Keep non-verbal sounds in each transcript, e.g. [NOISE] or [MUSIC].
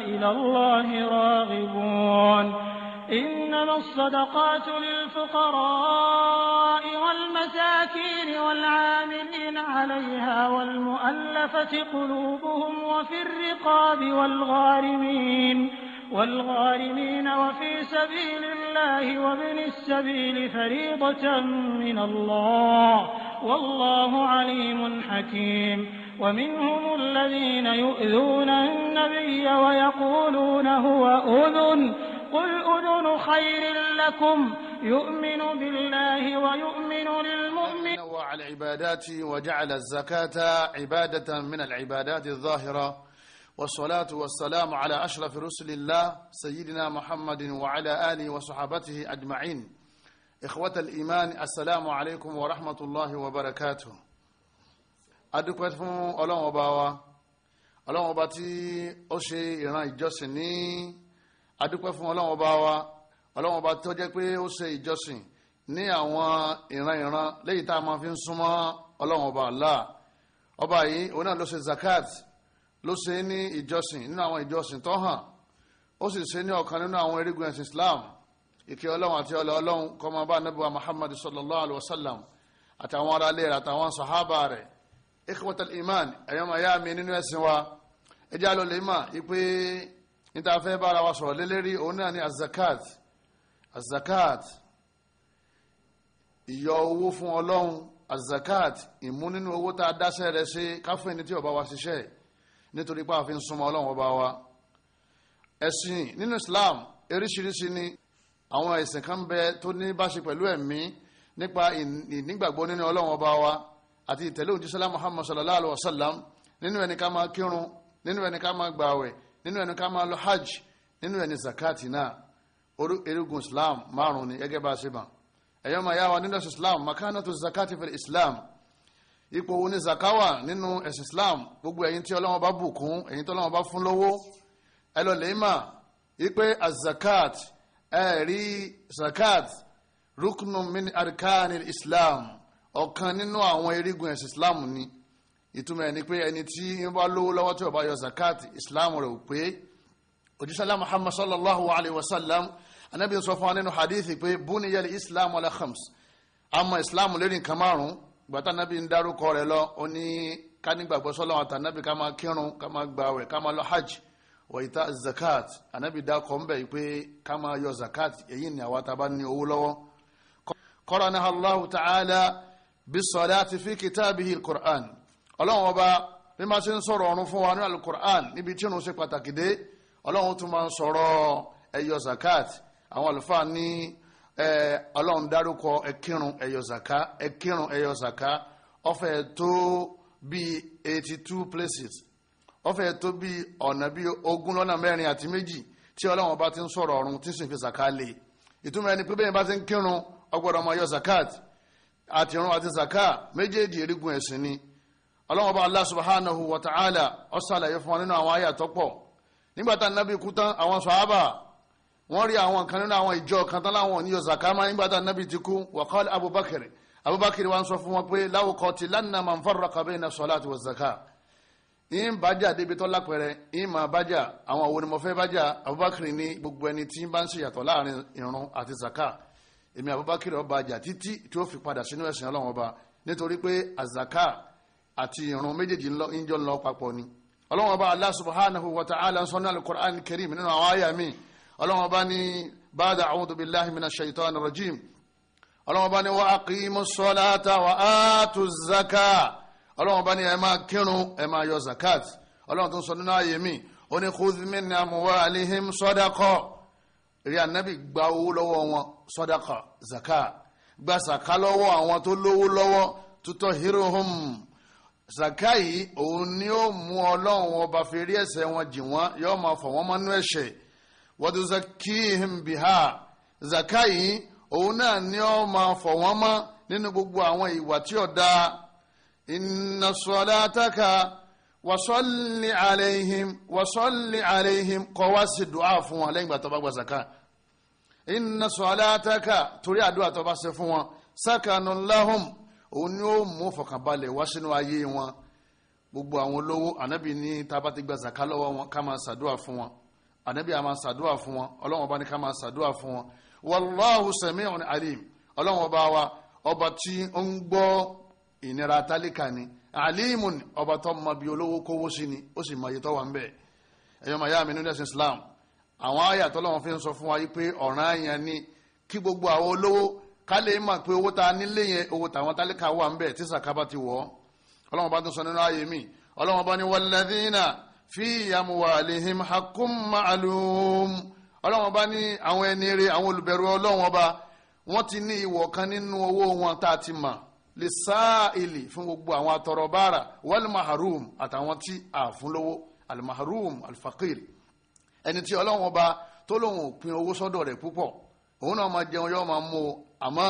إلى الله راغبون إنما الصدقات للفقراء والمساكين والعاملين عليها والمؤلفة قلوبهم وفي الرقاب والغارمين والغارمين وفي سبيل الله وابن السبيل فريضة من الله والله عليم حكيم ومنهم الذين يؤذون النبي ويقولون هو أذن قل أذن خير لكم يؤمن بالله ويؤمن للمؤمن نوع العبادات وجعل الزكاة عبادة من العبادات الظاهرة والصلاة والسلام على أشرف رسل الله سيدنا محمد وعلى آله وصحابته أجمعين إخوة الإيمان السلام عليكم ورحمة الله وبركاته adúpẹ́ fún ọlọ́run ọba wa ọlọ́run ọba tí ó ṣe ìran ìjọsìn ní adúpẹ́ fún ọlọ́run ọba wa ọlọ́run ọba tó jẹ́ pé ó ṣe ìjọsìn ní àwọn ìran ìran léyìí tá a máa fi ń súnmọ́ ọlọ́run ọba Allah ọba yìí òun náà ló ṣe zakat ló ṣe ní ìjọsìn nínú àwọn ìjọsìn tó hàn ó sì ṣe ní ọ̀kan nínú àwọn erigun ẹ̀sìn Islam ìkẹ́ ọlọ́run àti ọlọ́ ọlọ́run kó máa bá ànábì wa Muhammad sallallahu alayhi wa sallam àtàwọn aráalé rẹ̀ àtàwọn sàhábà rẹ̀ ikhwatal iman ẹ̀yọ́ máa yá mi nínú ẹ̀sìn wa ẹjẹ́ àlọ́ lè mà yí pé níta fẹ́ bára wa sọ̀rọ̀ lélẹ́rí òun náà ni azakat azakat ìyọ owó fún ọlọ́run azakat ìmú nínú owó tá a dáṣẹ́ rẹ̀ ṣe káfíń ní tí ọba wa ṣiṣẹ́ nítorí pé àfi ń súnmọ́ ọlọ́run ọba wa ẹ̀sìn nínú Islam eríṣiríṣi ni àwọn ẹ̀sìn kan bẹ tó ní báṣe pẹ̀lú ẹ̀mí nípa ìnígbàgbọ́ nínú ọlọ́run ọba wa àti ìtẹ̀lé òjì sálá muhammad sallallahu alayhi wa sallam nínú ẹni ká máa kírun nínú ẹni ká máa gbààwẹ̀ nínú ẹni ká máa lọ hajj nínú ẹni zakati náà orí erigun islam márùn ni gẹ́gẹ́ bá a ṣe mọ̀ ẹ̀yọ́ máa yá wa nínú ẹ̀sìn islam makanatu zakati fil islam ipò wo ni zakawa nínú ẹ̀sìn islam gbogbo ẹ̀yin tí ọlọ́wọ́n bá bùkún ẹ̀yin tí ọlọ́wọ́n bá fún lówó ẹ lọ lè ipe azakat ẹ̀rí zakat ruknun min arkani islam ọ̀kan nínú àwọn erigun ẹ̀sìn islam ni ìtumọ̀ ẹ̀ ni pé ẹni tí ń bá lówó lọ́wọ́ tí ó bá yọ zakat islam rẹ̀ ò pé òjísàlá muhammad sallallahu alayhi wa sallam anabi sọ fún wa nínú hadithi pé buniyal islam ala khams àmọ́ islam lérí nǹkan márùn-ún gbàtà anabi ń dárúkọ rẹ̀ lọ ó ní ká nígbàgbọ́ sọ́lọ́wọ́n àtànábì ká máa kírun ká máa gbàwẹ̀ ká máa lọ hajj wọ̀nyíta zakat anabi dákọ̀ ń bẹ̀ pé ká máa yọ zakat èyí ni àwa tá bá ní owó lọ́wọ́ kọ́ra ní Allahu ta'ala. bisalati fi kitabihi alquran ọlọ́run ọba bí máa ṣe ń sọ̀rọ̀ ọ̀run fún wa ní alukur'an níbi tí òun ṣe pàtàkì dé ọlọ́run tún máa ń sọ̀rọ̀ ẹ̀yọ zakat àwọn ní dárúkọ zaka zaka tó bíi eighty two places tó bíi ọ̀nà bíi ogún lọ́nà mẹ́rin àti méjì tí ọlọ́run ọba ti ń sọ̀rọ̀ ọ̀run tí sì fi zaka ìtumọ̀ ẹni pé bẹ́ẹ̀ bá ti ń kírun àti ìrun àti zaka méjèèjì erigun ẹ̀sìn ni ọlọ́wọ́n bá Allah subhanahu wa ta'ala ó ṣàlàyé fún wa nínú àwọn àyà tó pọ̀ nígbà tá nábì kú tán àwọn sàhábà wọ́n rí àwọn kan nínú àwọn ìjọ kan tán láwọn oníyọ zaka máa nígbà tá ti kú wa Abubakar Abubakar wa ń sọ fún wọn pé la uqatilanna man farraqa bayna salati wa zaka yín bájà débi tó lápẹrẹ yín máa bájà àwọn òwò ni Abubakar ní gbogbo ẹni tí bá ń ṣèyàtọ̀ láàrin ìrun àti zaka èmi Abubakar ọba àjà títí tí ó fi padà sínú ẹ̀sìn ọlọ́run ọba nítorí pé azaka àti ìrun méjèèjì ń jọ lọ papọ̀ ni ọlọ́run ọba Allah subhanahu wa ta'ala sọ́nà al-Qur'an karim nínú àwọn àyà mi ọlọ́run ọba ní ba'da a'udhu billahi minash shaitani rajim ọlọ́run ọba ní wa aqimu ssalata wa atu zaka ọlọ́run ọba ní ẹ máa kírun ẹ máa yọ zakat ọlọ́run tó ń sọ nínú àyè mi ó ní khudh min amwalihim sadaqa ànábì gba owó lọ́wọ́ wọn sọdaka zaka gba saka lọ́wọ́ àwọn tó lówó lọ́wọ́ tutọ́ hirohom zaka yìí òun ni ó mú ọlọ́run ọba fèrè ẹ̀ṣẹ̀ wọn jì wọ́n yóò máa fọ̀ wọ́n mọ́nú ẹ̀ṣẹ̀ wàdùzakihim biha zaka yìí òun náà ni ó máa fọ̀ wọ́n mọ́ nínú gbogbo àwọn ìwà tí ó dáa inna sọlátaka wàsọ́lì àlẹ́yìn wàsọ́lì àlẹ́yìn kọ́ wá sí dùá fún wọn lẹ́yìn ìgbà bá gba zaka inna salataka torí àdúrà tó bá ṣe fún wọn sakanu lahum òun ni ó mú fọkànbalẹ̀ wá sínú ayé wọn gbogbo àwọn olówó ànábì ní tábà ti gba zaka lọ́wọ́ wọn ká máa ṣàdúrà fún wọn ànábì àmà ṣàdúrà fún wọn ọlọ́wọ́n bá ní ká máa ṣàdúrà fún wọn wallahu sami'un alim ọlọ́wọ́n bá wa ọba tí ó ń gbọ́ ìnira tálíkà ni alimun ọba tó mọ bí olówó kówó sí ni ó sì mọ iye tó wà ń bẹ̀ ẹ̀yọ́ màyá mi nínú Islam àwọn àyà tọ́lọ́wọ́n fi ń sọ fún wa yìí pé ọ̀ràn àyàn ni kí gbogbo àwọn olówó ká lè mọ̀ pé owó tá a nílé yẹn owó tàwọn tálíkà wà ń bẹ̀ tí sàkábà ti wọ̀ ọlọ́wọ́n bá tó sọ nínú ààyè mi ọlọ́wọ́n bá ní walladhina fi amwalihim haqqun ma'lum ọlọ́wọ́n bá ní àwọn ẹni rere àwọn olùbẹ̀rù ọlọ́wọ́n bá wọ́n ti ní ìwọ̀ kan nínú owó wọn tá a ti mọ̀ lisaili fún gbogbo àwọn atọrọ bára wal àtàwọn tí a fún lówó al maharum al ẹni tí ọlọ́run ọba tó lóun ò pin owó sọ́dọ̀ rẹ̀ púpọ̀ òun náà máa jẹun yóò máa mú o àmọ́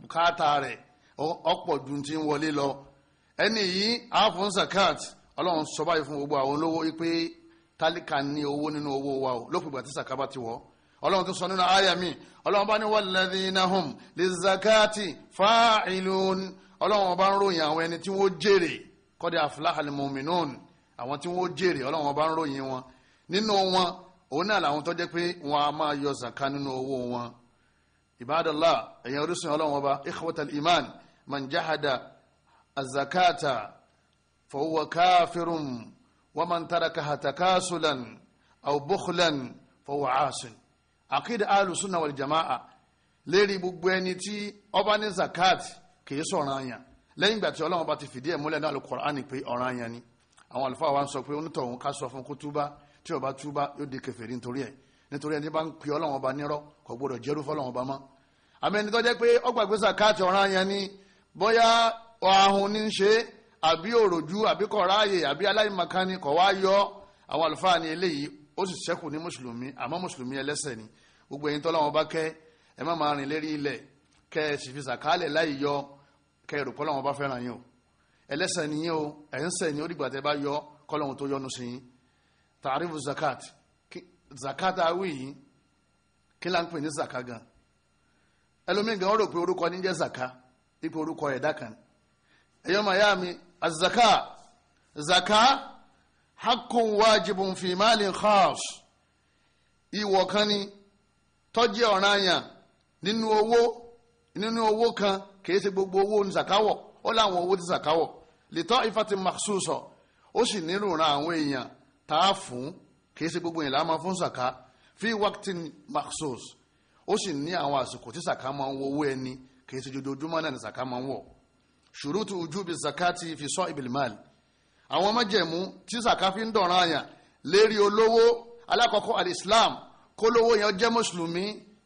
bùkátà rẹ̀ ọ̀pọ̀ ju ti ń wọlé lọ ẹni yìí àáfún zakat ọlọ́run sọ báyìí fún gbogbo àwọn olówó wípé tálíkà ní owó nínú owó wa o lópin ìgbà tí sàkábà ti wọ̀ ọlọ́run tó sọ nínú àyà mi ọlọ́run bá ní walladhina hum zakati fa'ilun ọlọ́run bá ń ròyìn àwọn ẹni tí wọ́n jèrè kọ́dẹ̀ aflahal mu'minun àwọn tí wọ́n jèrè ọlọ́run bá ń ròyìn wọn nínú wọn òun náà làwọn tó jẹ́ pé wọn a máa yọ zaka nínú owó wọn ibadallah ẹ̀yàn orísun ọlọ́run ọba ikhwatal iman man jahada azakata fahuwa kafirun wa man tarakaha takasulan aw bukhlan fahuwa asin akida alusunna wal jama'a lérí gbogbo ẹni tí ọba ní zakat kìí sọ̀rọ̀ àyàn lẹ́yìn ìgbà tí ọlọ́run ọba ti fìdí ẹ̀ múlẹ̀ náà lọ Qur'ani pé ọ̀ranyàn ni àwọn àlùfáà wa sọ pé onítọ̀hún ká sọ fún kó tí ó bá túbá yóò di kèfèrí nítorí ẹ̀ nítorí ẹni bá ń pè ọlọ́run ọba nírọ́ kò gbọdọ̀ jẹ́rú fọlọ́run ọba mọ́ àmẹ́ni tó jẹ́ pé ọgbàgbé sàkáàtì ọ̀ràn yẹn ni bóyá ọ̀hún ní í ṣe àbí òròjú àbí kọ̀ráàyè àbí aláìmọ̀kánni kọ̀ wá yọ àwọn àlùfáà ní eléyìí ó sì ṣẹ́kù ní mùsùlùmí àmọ́ mùsùlùmí ẹlẹ́sẹ̀ ni gbogbo ẹ̀yin tọ́lọ́wọ́n bá kẹ́ ẹ má máa rìn lérí ilẹ̀ kẹ́ ẹ sì fi sàkálẹ̀ láì yọ kẹ́ ẹ rò pé Ọlọ́run bá fẹ́ràn yín o tàrífù zakat zakat awí yìí kí là ń pè ní zaka gan ẹlòmíì gan ó rò pé orúkọ ní jẹ́ zaka ipò orúkọ ẹ̀dá kan ẹ̀yọ́ màyá mi azaka zaka hakun wajibun fi malin khas ìwọ̀ kan ni tó jẹ́ ọ̀ranyàn nínú owó nínú owó kan kìí ṣe gbogbo owó ní zakawọ̀ ó láwọn owó tí zakawọ̀ li ta'ifatin makhsusa ó sì nírùnà àwọn èèyàn tá a fún gbogbo yẹn la máa fún sàká fi wákìtì maxos ó sì ní àwọn àsìkò tí sàká máa ń wọ owó ẹni kìí ṣe jojoojúmọ́ ni sàká máa ń wọ̀ ujubi zakati fi sọ ìbìlìmáàlì àwọn májẹ̀mú tí sàká fi ń dọ̀ràn àyàn lérí olówó alákọ̀ọ́kọ́ alìsílám kólówó yẹn jẹ́ mùsùlùmí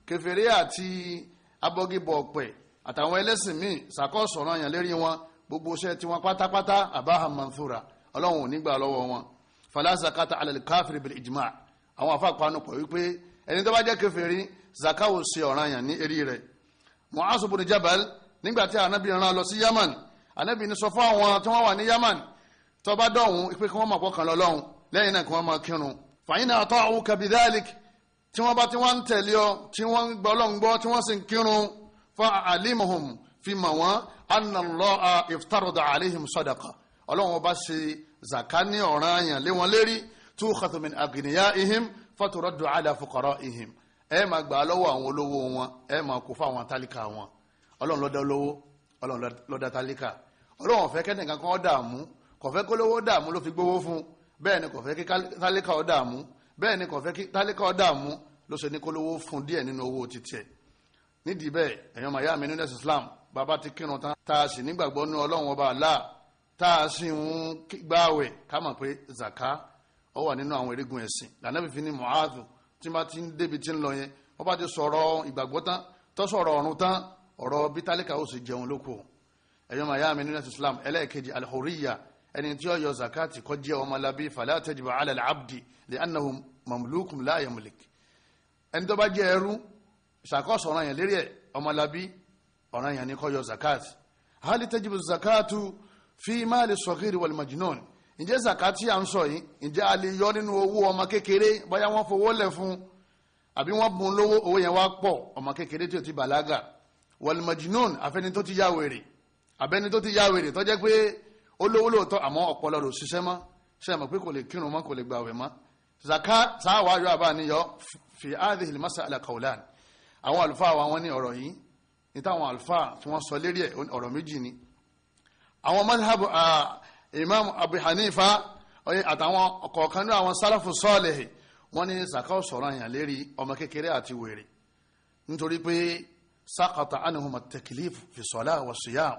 kẹfẹ́rẹ́ àti abọ́gibọ̀ ọ̀pẹ̀ àtàwọn ẹlẹ́sìn míì sàkọ́ sọ̀rọ̀ àyàn wọn gbogbo iṣẹ́ tiwọn pátápátá àbáhà manthura ọlọ́run ò ní gbà lọ́wọ́ wọn fala zakata alal káfíìrì bil ijma àwọn afa panu pọ̀ wípé ẹni tó bá jẹ́ kèfèrí zaka ò ṣe ọ̀ranyàn ní eré rẹ̀ mu'azu bin jabal nígbà tí anabi rán lọ sí yaman anabi ní sọ fún àwọn tí wọ́n wà ní yaman tó bá dọ̀hún pé kí wọ́n máa pọkàn lọ lọ́hún lẹ́yìn náà kí wọ́n máa kírun fàyín náà tọ́ àwọn kàbí dáàlìk ti wọ́n ń tẹ̀lé ọ tí wọ́n ń gbọ́ lọ́hún gbọ́ tí wọ́n sì ń fi mọ̀ wọ́n anna Allah iftarada alihim sadaqa ọlọ́run ọba ṣe zaka ní ọ̀ràn àyàn lé wọn lérí tú khatomin agìnìyà ihim faturaddu ala fukara ihim ẹ máa gbà á lọ́wọ́ àwọn olówó wọn ẹ máa kó fáwọn tálíkà wọn ọlọ́run ló dá olówó ọlọ́run ló dá tálíkà ọlọ́run ò fẹ́ kẹ́nìkan kan ó dààmú kò fẹ́ kólówó dààmú ló fi gbówó fún bẹ́ẹ̀ ni kò kí tálíkà ó dààmú bẹ́ẹ̀ ni kò kí tálíkà ó dààmú ló ṣe ní kólówó fún díẹ̀ nínú owó títẹ̀ nídìí bẹ́ẹ̀ ẹ̀yàn màyá mi nínú ẹ̀sìn Islam bàbá ti kírun tán tá a sì nígbàgbọ́ nínú ọlọ́run ọba Allah tá a sì ń gbààwẹ̀ ká mọ̀ pé zaka ó wà nínú àwọn erigun ẹ̀sìn lànàbí fi ní muhazu tí bá ti ń débi tí ń lọ yẹn wọ́n bá ti sọ̀rọ̀ ìgbàgbọ́ tán tó sọ̀rọ̀ ọ̀run tán ọ̀rọ̀ bítálákà ó sì jẹun lóko ẹ̀yọ́ màyá mi nínú islam ẹlẹ́ẹ̀kejì alhuriya ẹni tí ó yọ zakati kó jẹ́ ọmọlábí fala tajibu ala al-abdi mamlukum la yamlik ẹni tó bá jẹ́ ẹrú ṣàkóso ọ̀ràn yẹn lérí ẹ̀ ọmọlábí ọ̀ràn yẹn ni kó yọ zakati hali tajibu zakatu fi máàlì sọ̀kìrì wal majnun ǹjẹ́ zakati à ń sọ yìí ǹjẹ́ a lè yọ nínú owó ọmọ kékeré bóyá wọ́n fowó lẹ̀ fún àbí wọ́n bùn lówó owó yẹn wá pọ̀ ọmọ kékeré tí ó ti bàlágà wal majnun àfẹni tó ti yá wèrè àbẹni tó ti yá wèrè tó jẹ́ pé olówó lóòótọ́ àmọ́ ọpọlọ rò ṣiṣẹ́ mọ́ ṣe mọ̀ pé kò lè kírun mọ́ kò lè gbàwẹ̀ mọ́ fi hadhihi al-mas'ala qawlan àwọn àlùfáà wa wọ́n ní ọ̀rọ̀ yìí ní táwọn àlùfáà tí àwọn madhabu uh, imam abu hanifa àtàwọn kọ̀ọ̀kan nínú àwọn sálàfù sọ́ọ̀lẹ̀ wọ́n ní sàkáwò sọ̀rọ̀ àyàn lérí ọmọ kékeré àti wèrè nítorí pé saqata anhum at-taklif fi salah wa siyam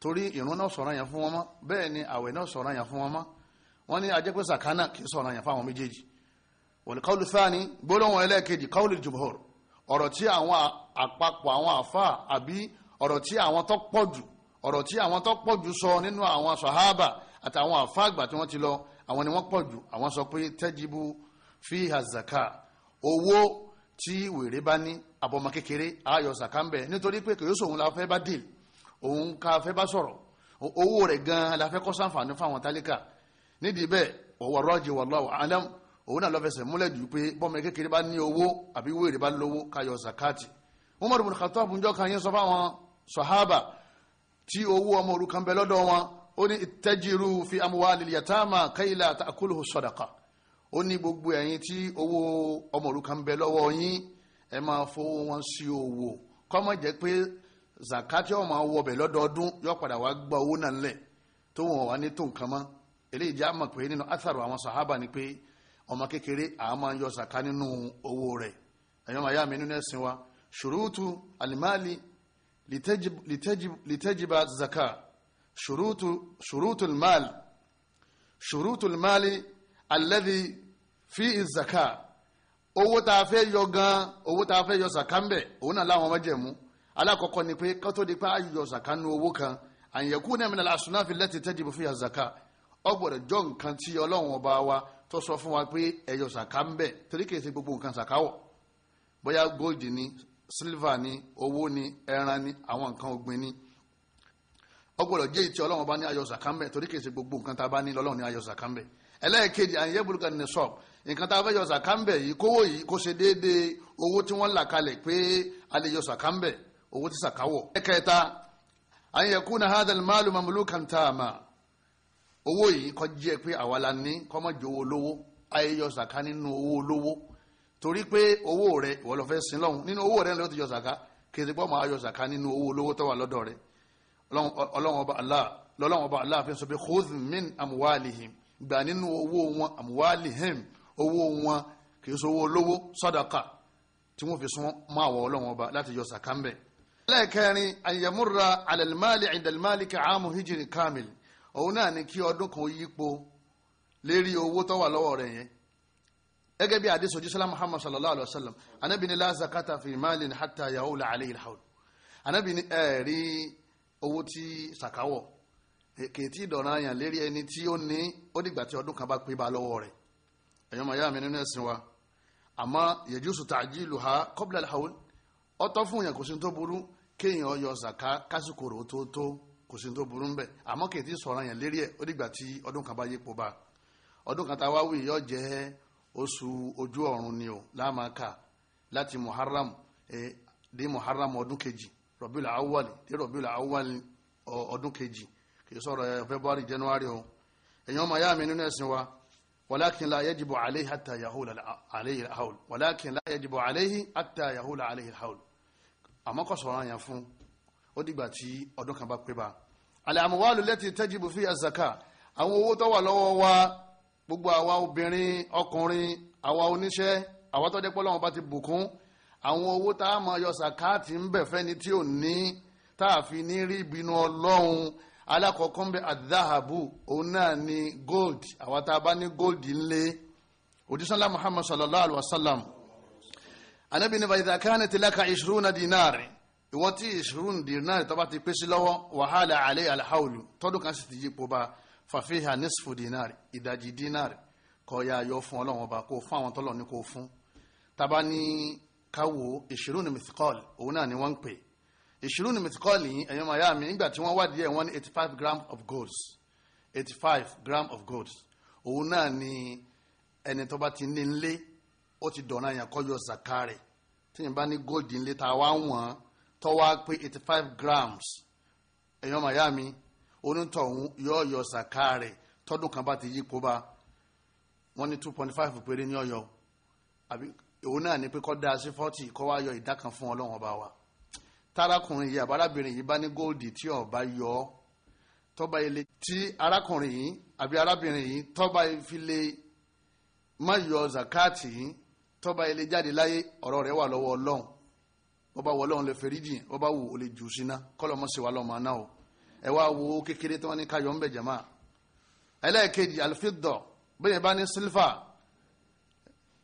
torí ìrun náà sọ̀rọ̀ àyàn fún wọn mọ́ bẹ́ẹ̀ ni àwẹ̀ náà sọ̀rọ̀ àyàn fún wọn mọ́ wọ́n ní ajẹ́ pé sàkánà kì í sọ̀rọ̀ àyàn méjèèjì gbólóhùn ẹlẹ́ẹ̀kejì ọ̀rọ̀ ọ̀rọ̀ tí àwọn tó pọ̀ jù sọ nínú àwọn sahaba àtàwọn àfáàgbà tí wọ́n ti lọ àwọn ni wọ́n pọ̀ jù àwọn sọ pé tẹ́jibú fi hazaka owó tí wèrè bá ní àbọ̀mọ kékeré ayọ̀ sàkàmbẹ̀ nítorí pé kìí sòun la fẹ́ bá dìl òun ká fẹ́ bá sọ̀rọ̀ owó rẹ̀ gan-an la fẹ́ kọ́ sàǹfààní fáwọn tálíkà nídìí bẹ́ẹ̀ ọ̀wọ̀ rọ́ọ̀jì wallahu alam òun náà lọ́fẹsẹ̀ múlẹ̀ jù pé bọ́mọ kékeré bá ní owó àbí wèrè bá lówó káyọ̀ zakati Umar bin Khattab njọ́ kan yẹn sọ fáwọn sahaba tí owó ọmọ òrukàn bẹ lọ́dọ̀ wọn ó ní ittajiru fi amwalil yatama kaila ta'kuluhu sadaqa ó ní gbogbo ẹ̀yin tí owó ọmọ òrukàn bẹ lọ́wọ́ yín ẹ máa fowó wọn sí owó kó jẹ́ pé zakati ọmọ lọ́dọọdún yóò padà wá gba owó náà lẹ̀ tó wọn wà ní tó nǹkan mọ́ eléyìí jẹ́ àmọ̀ pé nínú àwọn ni pé ọmọ kékeré àá máa yọ zaka nínú owó rẹ̀ لتجب, لتجب, لتجب الزكاة شروط, شروط المال شروط المال الذي فيه الزكاة owó tá a fẹ́ yọ gan owó tá a fẹ́ yọ sàkánbẹ̀ òun náà láwọn májẹ̀mú alákọ̀ọ́kọ́ ni pé kó tó di pé a yọ sàkánú owó kan àyẹ̀kú náà mìíràn àsùnáfi lẹ́tì tẹ́jìbù fìyà zaka ó gbọ́dọ̀ jọ nǹkan tí ọlọ́run ọba wa tó sọ fún wa pé ẹ̀yọ sàkánbẹ̀ torí kìí ṣe gbogbo nǹkan sàkáwọ̀ bóyá gold ni silva ni owó ni ẹran ni àwọn nǹkan ọ̀gbìn ni ó gbọ́dọ̀ jẹ́ ìtì ọlọ́run bá ní ayọ̀ sàkánbẹ̀ torí kìí ṣe gbogbo nǹkan tá a bá ní lọ́lọ́run ní ayọ̀ sàkánbẹ̀ ẹlẹ́ẹ̀kejì àyẹ̀yẹ́ burúkú ni sọ́ọ̀bù nǹkan tá a fẹ́ yọ sàkánbẹ̀ yìí kówó yìí kó ṣe déédéé owó tí wọ́n là kalẹ̀ pé a lè yọ sàkánbẹ̀ owó tí sàkáwọ̀. ẹ̀kẹta àyẹ̀kú na hadal maalu mamulu kantama owó yìí kó jẹ́ pé àwa la ní kó má jẹ́ owó olówó ayẹyọ sàká nínú owó olówó torí pé owó rẹ ìwọ lọ fẹ́ sin lọ́hùn nínú owó rẹ ló ti yọ zaka kìí pọ́ máa yọ zaka nínú owó olówó tó wà lọ́dọ̀ rẹ ọlọ́wọ́n ọba Allah lọ́lọ́wọ́n ọba Allah fi sọ pé khudh min amuwalihim gbà nínú owó wọn amuwalihim owó wọn kìí sọ owó olówó sadaqa tí wọ́n fi sún mọ́ àwọn ọlọ́wọ́n ọba láti yọ zaka mbẹ́. lẹ́ẹ̀kẹrin ayamurra alalmali indalmali kaamu hijiri kamil òun náà ni kí ọdún kan yípo lérí owó tó wà lọ́wọ́ rẹ̀ yẹn gẹ́gẹ́ bí àdísù jísọ́lá muhammad sallallahu alaihi wasallam anábì ní la zakata fi malin hatta yahula alayhi alhaul anábì ní ẹ̀rí owó tí sàkáwọ̀ kèétí ìdọ̀ràn àyàn lérí ẹni tí ó ní ó dìgbà tí ọdún kan bá pé bá lọ́wọ́ rẹ̀ ẹ̀yọ́ màá yá mi nínú ẹ̀sìn wa àmọ́ yajusu ta'jiluha qabla alhaul ọtọ́ fún yàn kò sí tó burú kéèyàn yọ zaka kásìkòrò tó tó kò sí tó burú ńbẹ àmọ́ kèétí sọ̀rọ̀ àyàn lérí ẹ̀ ó dìgbà tí ọdún kan bá yípo bá ọdún kan tá wí yọ jẹ́ oṣù ojú ọ̀run ni o láàmàkà láti muharram dé muharram ọdún kejì rọ̀bìlà awali dé rọ̀bìlà awali ọdún kejì kì í sọ̀rọ̀ february january o èèyàn ọmọ ayá mi nínú ẹ̀sìn wa walakin la yajibu alayhi hatta yahula alayhi alhaul walakin la yajibu alayhi hatta yahula alayhi alhaul àmọ́ kò sọ̀rọ̀ àyàn fún ó dìgbà tí ọdún kan bá pé bá al amwalu lati tajibu fi az àwọn owó tó wà lọ́wọ́ wa gbogbo àwa obìnrin ọkùnrin àwa oníṣẹ́ àwa tó jẹ́ pọ́lọ́wọ́n bá ti bùkún àwọn owó tá a máa yọ sàkáàtì ń bẹ̀ fẹ́ni tí ò ní tá a fi ní rí ìbínú ọlọ́run alákọ̀ọ́kọ́ ń bẹ àdáhàbù òun náà ni gold àwa tá a bá ní gold ńlẹ̀ òdìsánlá muhammad sallallahu alayhi wa sallam anabi ní fàyídà kánà ti láka ìṣúrúnà dínárì ìwọ́n tí ìṣúrún dínárì tó bá ti pèsè lọ́wọ́ wàhálà àlẹ́ alhaulu tọ́dún kan sì ti yípo bá a fàfihà nisfu dinari ìdajì dinari kọ̀ọ̀yà yọ fún ọlọ́run ọba kó fún àwọn tọ́lọ̀ ní kó fún taba ní káwo ìṣirò ní mithikọ́l òun náà ni wọ́n ń pè ìṣirò ní mithikọ́l yìí ẹ̀yọ́ màá yá mi nígbà tí wọ́n wádìí ẹ̀ wọ́n ní eighty five gram of gold eighty five gram of gold òun náà ni ẹni tó bá ti ní nlé ó ti dọ̀nà yẹn kó yọ zakari tí bá ní gold nlé tá a wá wọ̀n tó wá pé eighty five grams ẹ̀yọ́ màá yá mi onítọ̀hún yóò yọ sàká rẹ̀ tọ́dún kan bá ti yí kó bá ní two point five péré ní ọ̀yọ́ àbí òun náà ní pé kọ́ dáa sí forty kọ́ wá yọ ìdá kan fún ọlọ́run ọba wa tárakùnrin yìí àbárábìnrin yìí bá ní góòdì tí ọba yọ ọ́ tọ́ba ilé tí arákùnrin yìí àbí arábìnrin yìí tọ́ba ìfilé má yọ zakati yìí tọ́ba ilé jáde láyé ọ̀rọ̀ rẹ̀ wà lọ́wọ́ ọlọ́run bọ́ba wọ ọlọ́run lè fẹ́rí jìn bọ́ba ó lè jù síná kọ́lọ́mọ́sẹ̀ wà lọ́mọ náà o ẹ wá wo kékeré tí wọ́n ní káyọ̀ ń bẹ̀ jẹ̀má ẹlẹ́ẹ̀kejì alfidọ̀ bẹ́ẹ̀ bá ní sílfà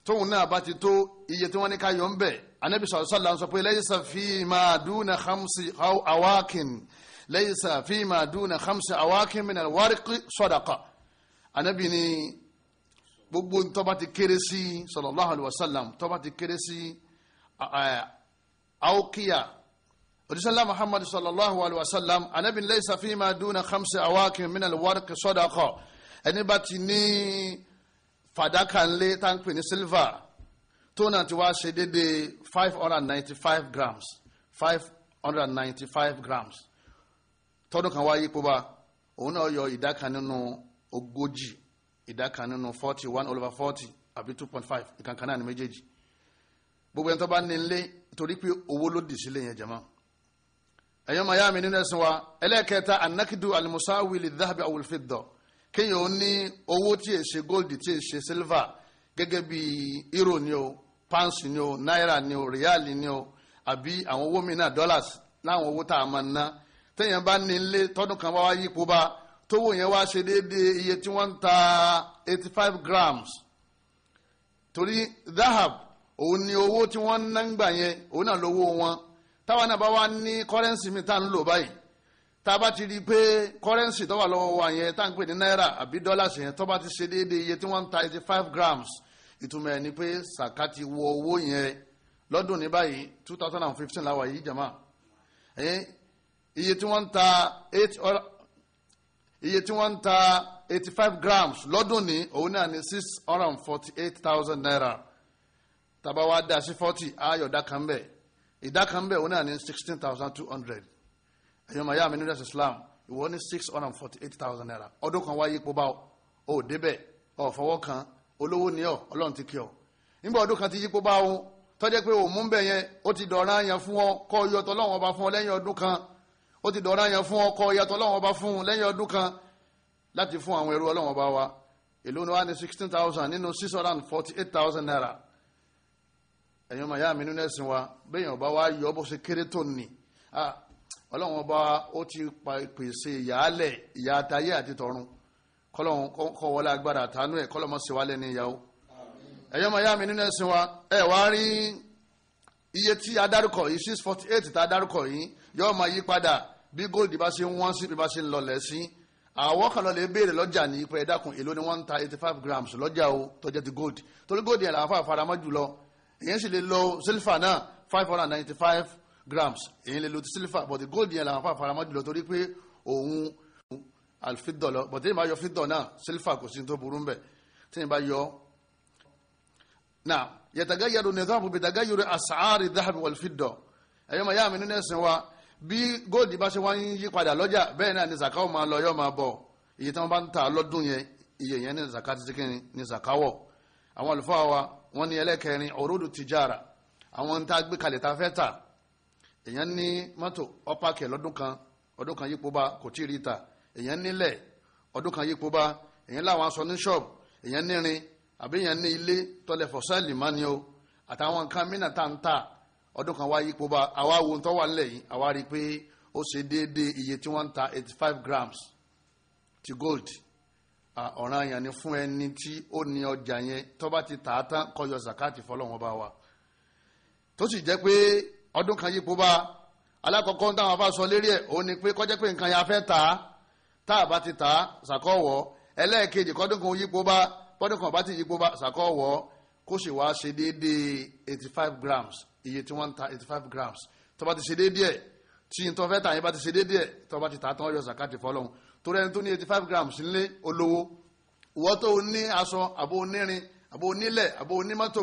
tóun náà bá ti tó iye tí wọ́n ní káyọ̀ ń bẹ̀ anabi sọ̀rọ̀ sọ̀rọ̀ sọ pé laysa fi ma duna khamsi awákin laysa fi ma duna khamsi awákin min alwariqi sadaqa anabi ni gbogbo tó ti kéré sí sallallahu alaihi wasallam tó bá ti kéré sí àókíyà odisala muhammad sallallahu alaihi wasallam anabi laysa fima duna khamsi awakin min alwarq sadaqa ẹni bá ti ní fàdákà ńlẹ tá ń pè ní silver tó náà ti wá ṣe déédéé five hundred and ninety five grams five hundred and ninety five grams tọdún kan wáyé pọba òun náà yọ ìdá kan nínú ogójì ìdá kan nínú forty one over forty àbí two point five ìkankan náà ní méjèèjì gbogbo ẹni tó bá ní ilé torí pé owó ló dì sílé yẹn jẹ mọ́ ẹ̀yọ́ máa yá mi nínú ẹ̀sìn wa ẹlẹ́ẹ̀kẹta anakidu alimusawi lè dábì awolfidọ kéèyàn ó ní owó tí è ṣe gold tí è ṣe silver gẹ́gẹ́ bí euro ni o pounds ni o náírà ni o rial ni o àbí àwọn owó mìíràn dollars láwọn owó tá a máa ná téèyàn bá ní ilé tọdún kan bá wá yípo bá tówó yẹn wá ṣe déédéé iye tí wọ́n ń ta eighty five grams torí dahab òun ni owó tí wọ́n ń ná ń gbà yẹn òun náà lówó wọn táwọn náà bá wá ní kọ́rẹ́nsì mi tá à ń lò báyìí tá a bá ti rí i pé kọ́rẹ́nsì tó wà lọ́wọ́ wa yẹn tá à ń pè ní náírà àbí dọ́làsì yẹn tó bá ti ṣe déédéé iye tí wọ́n ń ta eighty five grams ìtumọ̀ ẹ̀ ni pé sàkà ti wọ owó yẹn lọ́dún ní báyìí two thousand and fifteen la wà yìí jàmá iye tí wọ́n ń ta eight iye tí wọ́n ń ta eighty five grams lọ́dún ní òun náà ní six hundred and forty eight thousand naira tá a bá wá dá sí forty ayọ̀dá kan bẹ́ẹ̀ ìdá kan bẹ́ẹ̀ wọn náà ní sixteen thousand two hundred ẹ̀yọ́ màá yá mi nílẹ̀ Islam ìwọ ní six hundred and forty eight thousand naira ọdún kan wáyé ipò báwo ò débẹ̀ ọ̀ fọwọ́ kan olówó ni ọ̀ ọlọ́run ti kí ọ nígbà ọdún kan ti yípo báwo tọ́jẹ́ pé òun bẹ̀ yẹn ó ti dọ̀ra yẹn fún ọ kọ́ ọyọ tọ́lọ́wọ́n ọba fún ọ lẹ́yìn ọdún kan ó ti dọ̀ra yẹn fún ọ kọ́ ọyọ tọ́lọ́wọ́n ọba fún ọ lẹ́yìn ọdún kan láti fún àwọn ẹrú ọlọ́wọ́n ọba wa èlò ni wá ní sixteen thousand nínú six hundred and forty eight thousand naira ẹ̀yin ọmọ ìyá mi nínú ẹ̀sìn wa bẹ́ẹ̀ ọba wa yọ bó ṣe kéré tó ní ọlọ́run ọba ó ti pèsè ìyáálẹ̀ ìyá àtayé àti tọ̀run kọlọ́run kọ́ wọlé agbára àtànú ẹ̀ kọlọ́run sí wa lẹ́ni ìyàwó ẹ̀yin ọmọ ìyá mi nínú ẹ̀sìn wa ẹ̀ wá rí iye tí a yìí six forty eight tá a dárúkọ yìí yóò máa yí padà bí góòdì bá ṣe ń wọ́n sí bí bá ṣe ń lọlẹ̀ sí àwọn kan lọlẹ̀ béèrè lọ́jà ní ipò ẹ̀dákun èló ni wọ́n ń ta eighty five grams lọ́jà o tó jẹ́ ti góòdì torí góòdì yẹn làwọn afáfara mọ́ jùlọ èyàn sì lè lo sílfà náà five hundred ninety five grams èyàn lè lo ti sílfà but gold yẹn làwọn afáfara mọ́ jùlọ torí pé òun àlfídọ̀ lọ but èyàn bá yọ fídọ̀ náà sílfà kò sí tó burú mbẹ̀ tí èyàn bá yọ. na yàtàgáyàrò nìkan bìtàgáyàrò àsàárì dáhàbì wàlfídọ̀ ẹ̀yọ́ mọ̀ yá mi nínú ẹ̀sìn wa bí góòdì bá ṣe wá yí padà lọ́jà bẹ́ẹ̀ náà ni zakawo máa lọ yọ́ máa bọ̀ iye tí wọ́n bá ń ta lọ́dún yẹn iye yẹn ni zakati ti ni zakawọ̀ àwọn àlùfáà wa wọ́n ni ẹlẹ́kẹrin òródù tìjára àwọn tá a gbé kalẹ̀ tá a fẹ́ tà èèyàn ní mọ́tò ọ́pàkẹ́ lọ́dún kan ọdún kan yípo bá kò tí ì rí ta èèyàn nílẹ̀ ọdún kan yípo bá èèyàn láwọn aṣọ ní ṣọ́ọ̀bù èèyàn nírin àbí èèyàn ní ilé tọ́lẹ̀ o àtàwọn nǹkan mìíràn wo tó wà nílẹ̀ yìí àwa rí iye tí wọ́n ta eighty five grams ti gold ọ̀ràn àyàn ni fún ẹni tí ó ní ọjà yẹn tó bá ti tà á zakati fọlọ́wọ́n bá wa tó sì jẹ́ pé ọdún kan yípo bá alákọ̀ọ́kọ́ táwọn afá sọ lérí ẹ̀ òun ni pé kó jẹ́ pé nǹkan yẹn a fẹ́ tà á tá a bá ti tà á sàkọ́wọ́ ẹlẹ́ẹ̀kejì kọ́dún kan yípo bá kọ́dún kan bá ti yípo bá sàkọ́wọ́ kó sì wá ṣe déédéé eighty five grams iye tí wọ́n ń ta eighty five grams tó bá ti ṣe déédéé tí n tó fẹ́ tà yẹn bá ti ṣe déédéé tó bá ti tà á tán yọ zakati fọlọ́wọ́n torí ẹni tó ní eighty five grams nílé olówó ìwọ tó ní aṣọ àbò onírin àbò onílẹ̀ àbò onímọ́tò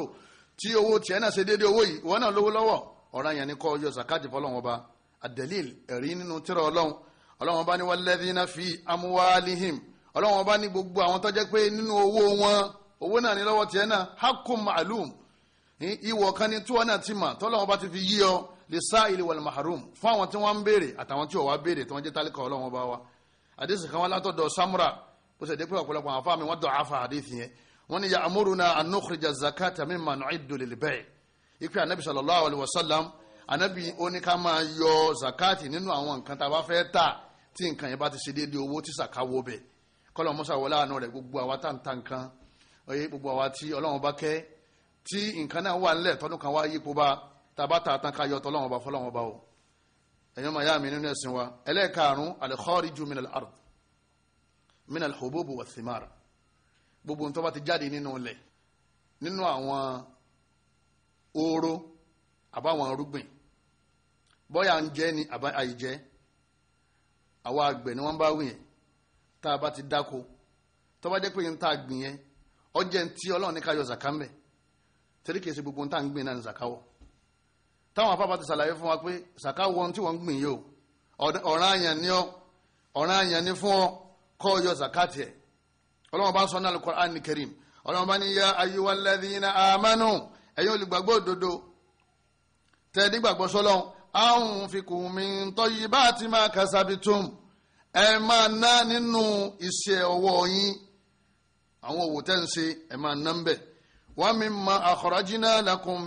tí owó tiẹ̀ náà ṣe déédéé owó yìí ìwọ náà lówó lọ́wọ́ ọ̀ràn yẹn ni kó yọ zakati fọlọ́wọn ọba adelil ẹ̀rí nínú tírà ọlọ́run ọlọ́run ọba ní walladhina fi amwalihim ọlọ́run ọba ní gbogbo àwọn tó jẹ́ pé nínú owó wọn owó náà ní lọ́wọ́ tiẹ̀ náà hakum ma'lum ìwọ̀ kan ní tí wọ́n náà ti mà tọ́lọ́run ọba ti fi yí ọ lè sá ìlú wal fún àwọn tí wọ́n ń béèrè àtàwọn tí ò wá béèrè tí wọ́n jẹ́ tálíkà ọlọ́run ọba wa àdìsí kan wá látọ̀dọ̀ samura bó ṣe dé pé ọ̀pọ̀lọpọ̀ àwọn afáàmì wọ́n dọ̀ọ́ afa àdìsí yẹn wọ́n ní ya'muruna an nukhrija zakata mimma nu'iddu lil bay' ipe anabi sallallahu alayhi wa sallam anabi ó ní ká máa yọ zakati nínú àwọn nǹkan tá a bá fẹ́ tà tí nǹkan yẹn bá ti ṣe déédéé owó tí sàká wo bẹ̀ kọ́lọ̀ mọ́sá wọlé àánú rẹ̀ gbogbo àwa tá n ta oye gbogbo àwa tí ọlọ́run bá kẹ́ tí nǹkan náà wà nílẹ̀ tọ́dún kan wá yípo bá tá ta tán ká yọ tọ́lọ́run bá fọlọ́run bá o ẹ̀yọ́n máa yá mi nínú ẹ̀sìn wa ẹlẹ́ẹ̀karùn-ún al-khariju minal ard minal hububu wa thimar gbogbo nǹkan bá ti jáde nínú ilẹ̀ nínú àwọn oró àbáwọn irúgbìn bọ́yà ń jẹ́ ni àbá àìjẹ́ àwọn àgbẹ̀ ni wọ́n bá wí yẹn tá a bá ti dáko tó bá jẹ́ pé n ta gbìn yẹn ọjẹ́ ń tí ọlọ́run ní ká yọ zàkà ń bẹ̀ torí kìí ṣe gbogbo n ta ń gbìn náà ní zàkà wọ̀ táwọn afábá ti ṣàlàyé fún wa pé sàká wọn tí wọ́n ń gbìn yìí o ọ̀ràn àyàn ni ọ ọ̀ràn àyàn ni fún ọ kọ́ ọ yọ sàká tiẹ̀ ọlọ́wọ́n bá sọ ní Al-Qur'an Karim ọlọ́wọ́n bá ní ya ayyuhal ladhina amanu ẹ̀yin olùgbàgbọ́ òdodo tẹ́ nígbàgbọ́ sọ́lọ́ anfiqu min tayyibati ma kasabtum ẹ máa ná nínú iṣẹ́ ọwọ́ yín àwọn òwò tẹ́ ń ṣe ẹ máa ná ń bẹ̀ wa mimma akhrajna lakum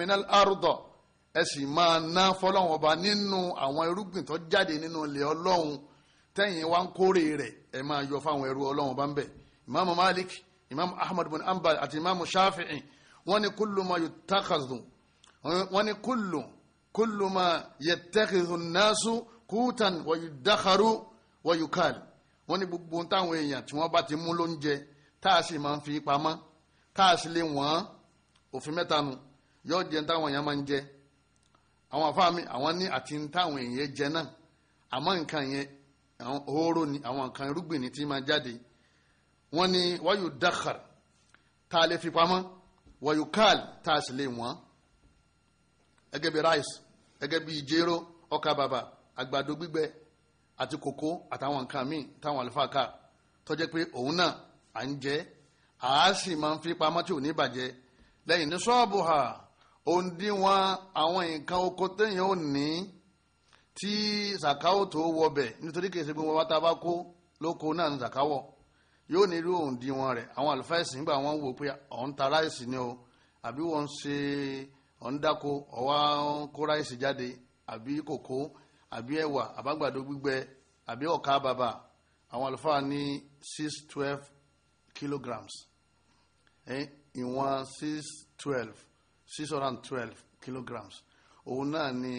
ẹ sì máa ná fọlọ́run ọba nínú àwọn irúgbìn tó jáde nínú ilẹ̀ ọlọ́run tẹ́yìn wá ń kórè rẹ̀ ẹ máa yọ fáwọn ẹrú ọlọ́run ọba ń bẹ̀ imaamu malik imaamu Ahmed bin ambal àti imaamu shafi'i wọ́n ní kullu ma yuttakhadhu wọ́n ní kullu kullu ma yattakhidhu an-nasu kútan wa yuddakharu wa yukal wọ́n ní gbogbo táwọn èèyàn tí wọ́n bá ti mú lóúnjẹ tá a sì máa ń fi pamọ́ àwọn àfáà mi àwọn ní àti ń táwọn èèyàn jẹ náà àmọ́ nǹkan yẹn àwọn òórò ni àwọn nǹkan irúgbìn ni tí máa jáde wọ́n ní wáyù dákàr tá a lè fi pamọ́ wáyù káàl tá a sì lè wọ́n gẹ́gẹ́ bí rice gẹ́gẹ́ bí jéró ọkà bàbà àgbàdo gbígbẹ àti kòkó àtàwọn nǹkan míì táwọn àlùfáà ká pé òun náà à ń jẹ àá sì máa ń fi pamọ́ tí ò ní bàjẹ́ lẹ́yìn ní sọ́ọ̀bù hà òǹdíwọ̀n àwọn nǹkan oko téèyàn ò ní tí sàkáwò tó wọbẹ̀ nítorí kìí ṣe gbogbo wa tá a bá kó lóko náà ní sàkáwọ̀ yóò ní irú òǹdíwọ̀n rẹ̀ àwọn àlùfáà ẹ̀sìn nígbà wọn wò pé ọ̀n ta ráìsì ni o àbí wọ́n ń ṣe ọ̀n dáko ọ̀wá kó ráìsì jáde àbí kòkó àbí ẹ̀wà àbágbàdo gbígbẹ àbí ọ̀ka bàbà àwọn àlùfáà ní six twelve kilograms ìwọ̀n six twelve six hundred twelve kilograms òun náà ni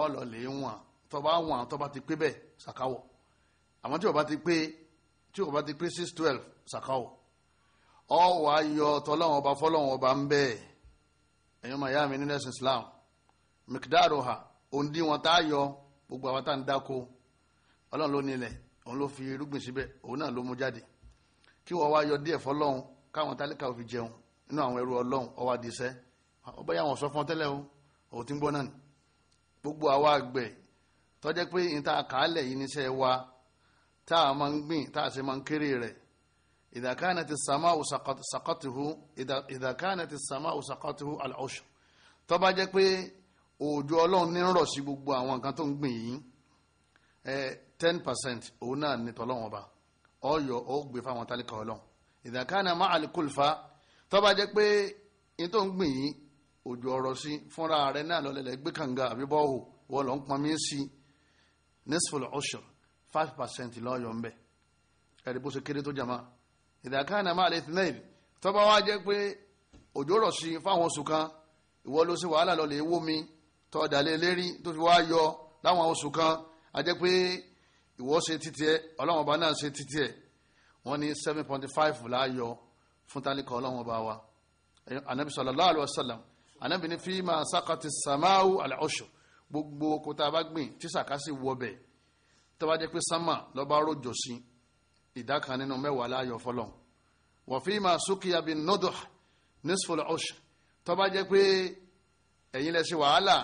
ọlọ́lẹ̀ wọn tọba wọn tọba ti pé bẹ́ẹ̀ ṣàkáwọ̀ àmọ́ tí o bá ti pé tí o bá ti pé six twelve ṣàkáwọ̀ ọ wà á yọ tọ́lọ́wọ́n ọba fọ́lọ́wọ́n ọba ń bẹ́ẹ̀ ẹ̀yin ọmọ mi nínú ẹ̀sìn Islam mikdaro ha òǹdí wọn tá a yọ gbogbo àwọn tá a ń dáko ọlọ́run ló nílẹ̀ òun ló fi irúgbìn síbẹ̀ òun náà ló mú jáde kí wọ́n wá yọ díẹ̀ fọ́lọ́run káwọn tálíkà fi jẹun nínú àwọn ẹrú ọlọ́run ọwọ́ adìsẹ́ ó bá yàwọn sọ fún ọ tẹ́lẹ̀ o ò ti ń gbọ́ náà ni gbogbo àwa àgbẹ̀ tọ́jẹ́ pé n ta kàálẹ̀ yìí níṣẹ́ wa tá a máa ń gbìn tá a sì máa ń kéré rẹ̀ ìdàkánà ti sàmà òsàkọ́tìhù ìdàkánà ti sàmà òsàkọ́tìhù àlọ́ṣù tó bá jẹ́ pé òjò ọlọ́run ní rọ̀ sí gbogbo àwọn nǹkan tó ń gbìn yìí ten percent òun náà ní tọ́lọ́wọ́n ọba ọ̀yọ́ ó gbé fáwọn tálíkà ọlọ́run ìdàkánà má àlìkùlfà tó bá jẹ́ pé n tó ń gbìn yìí òjò ọ̀rọ̀ sí fúnra rẹ̀ náà lọ́lẹ̀lẹ̀ gbé kànga àbí bọ́ọ̀hù lọ ń pọnmi sí nisful ushur five percent lọ́yọ̀ ń bẹ̀ ẹ̀rí bó ṣe kéré tó jama ìdàkánná máa lè tẹ́lẹ̀ tọ́ba wa jẹ́ pé òjò rọ̀ sí fáwọn oṣù kan ìwọ ló ṣe wàhálà lọ́lẹ̀ ewó mi tọ́ dalẹ̀ lérí tó fi wá yọ láwọn oṣù kan a jẹ́ pé ìwọ ṣe títí ẹ ọlọ́wọ́n ọba náà ṣe títí ẹ wọ́n ní seven point five láàyọ fún tálíkà ọlọ́wọ́n ọba wa anabi sallallahu alaihi wasallam anábì ní fíìmà sákàtì sàmáwù àlọ́ṣù gbogbo kòtà bá gbìn tí sàkásì wọbẹ̀ tó bá jẹ́ pé sánmà lọ́ba rọ̀jò sí ìdá kan nínú mẹ́wàá láàyò fọlọ́n wọ́n fíìmà súkìyà bíi nọ́dọ̀ nísfòlò ọ̀ṣù tó bá jẹ́ pé ẹ̀yin lẹ ṣe wàhálà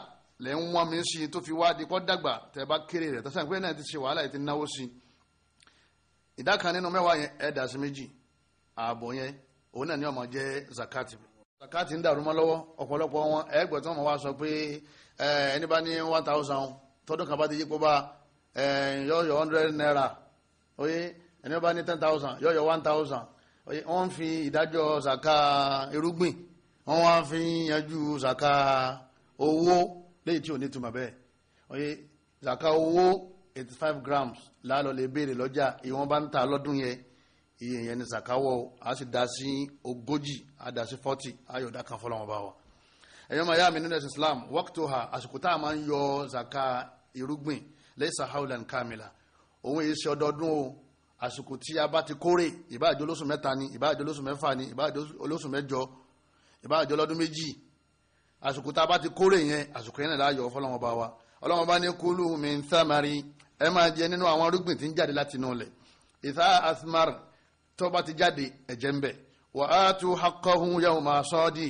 lẹ́ ń wọ́n mi sí i tó fi wá di kọ́ dàgbà tẹ́ bá kéré rẹ̀ tọ́sán pé náà ti ṣe wàhálà yìí ti náwó sí ìdá nínú mẹ́wàá yẹn ẹ̀ dà sí méjì ààbò yẹn òun náà ni ó máa zakati bi sàkáàtì ń dàrú mọ́ lọ́wọ́ ọ̀pọ̀lọpọ̀ wọn ẹgbẹ́ tí wọ́n mọ̀ wá sọ pé ẹni bá ní one thousand tọdún kan bá ti yípo bá yọ̀ọ̀yọ̀ hundred naira oye ẹni bá ní ten thousand yọ̀ọ̀yọ̀ one thousand oye wọ́n fi ìdájọ́ sàká irúgbìn wọ́n wá fi yanjú sàká owó léyìí tí ò ní túmọ̀ bẹ́ẹ̀ oye sàká owó eighty five grams láàlọ́ lè béèrè lọ́jà ìwọ̀n bá ń ta lọ́dún yẹn iye yẹn ni sàkáwọ́ a sì dá sí ogójì a dá sí fọ́tì a yọ̀ dákan fọlọ́wọn bá wa. ẹ̀yọ́ maya yá mi nínú ẹ̀sìn Islam wákìtò ha àsìkò tá a máa ń yọ zaka irúgbìn laysa hawlan kamila òun èyí ṣe ọdọọdún o àsìkò tí a bá ti kórè ìbáàjọ olóṣù mẹ́ta ni ìbáàjọ olóṣù mẹ́fà ni ìbáàjọ olóṣù mẹ́jọ ìbáàjọ ọlọ́dún méjì àsìkò tá a bá ti kórè yẹn àsìkò yẹn là yọ fọlọ́wọn bá wa ọlọ́wọ́n bá ní kulu min thamari ẹ máa jẹ nínú àwọn irúgbìn tí ń jáde láti inú ilẹ̀ ìta asmar tó bá ti jáde ẹ̀jẹ̀ ń bẹ wà á tu haqqahu yawma sadi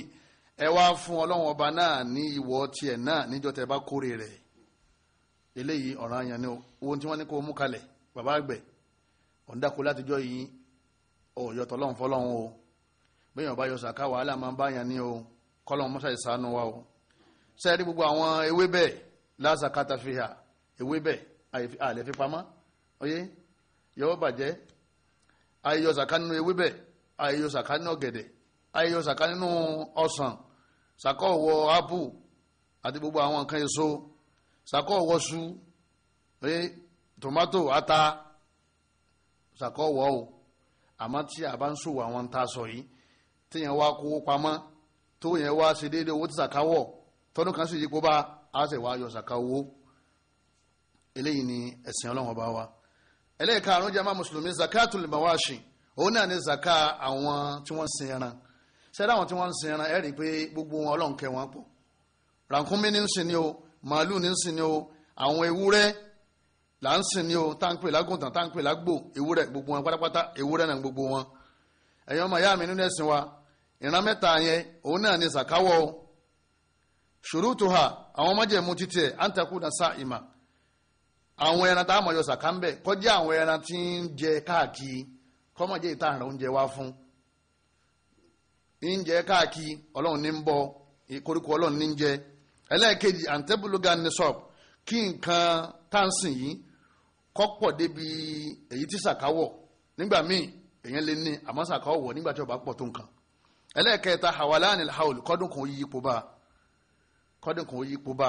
ẹ wá fún ọlọ́run ọba náà ní ìwọ tiẹ̀ náà níjọ́ tẹ bá kórè rẹ̀ eléyìí ọ̀ràn àyàn ni owó tí wọ́n ní kó mú kalẹ̀ bàbá àgbẹ̀ ọ̀ndàkú látijọ́ yìí ọ̀yọ́ tọ́lọ́run fọlọ́run o bẹ́yàn bá yọ sàká wàhálà máa ń bá yàn ní o kọ́lọ́run mọ́ṣá ìsànú wa o sẹ́ẹ̀rí gbogbo àwọn ewé bẹ́ẹ̀ lásàkátà fi ewé bẹ́ẹ̀ àlẹ́ fi oyé yọwọ́ bàjẹ́ ayẹyọ sàká nínú ewébẹ̀ ayẹyọ sàká nínú ọ̀gẹ̀dẹ̀ ayẹyọ sàká nínú ọsàn sàká ọ̀wọ́ ápù àti gbogbo àwọn nǹkan èso sàká ọ̀wọ́ su ẹ tòmátò ata sàká ọ̀wọ́ o àmọ́ tí a bá ń ṣòwò àwọn tá a sọ yìí téèyàn wá kó pamọ́ tó yẹn wá ṣe déédéé owó tí sàká wọ̀ tọdún kan sì yípo bá a ṣe wá yọ sàká owó eléyìí ni ẹ̀sìn ọlọ́run ọba wa. ẹlẹ́ẹ̀karùn jama mùsùlùmí zakatul mawashi òun náà ni zaka àwọn tí wọ́n sin ẹran sẹ́dá àwọn tí wọ́n sin ẹran pé gbogbo wọn ọlọ́run wọn pọ̀ ràkúnmí ní sin ni o màálù ní sin ni o àwọn ewúrẹ́ là ń sin ni o lágùntàn lágbò gbogbo wọn pátápátá ewúrẹ́ náà gbogbo wọn ọmọ ìyá mi wa ìran mẹ́ta yẹn òun náà ni zakawọ́ ha àwọn májẹ̀mú títí ẹ̀ àǹtakùn náà sá àwọn ẹran tá a mọ̀ yọ kọjá àwọn ẹran tí ń jẹ káàkiri kọ́mọ̀jẹ́ ìta àrùn oúnjẹ wá fún ń jẹ káàkiri ọlọ́run ní ń bọ koríko ọlọ́run ní ń jẹ ẹlẹ́ẹ̀kejì àǹtẹ́bùlógà kí nǹkan táǹsìn yìí kọ́pọ̀ débi èyí tí sàkáwọ̀ nígbà míì èyàn lè ní àmọ́ sàkáwọ̀ nígbà tí ọba pọ̀ tó hawalani haul kọ́dún kan ó yí ipò bá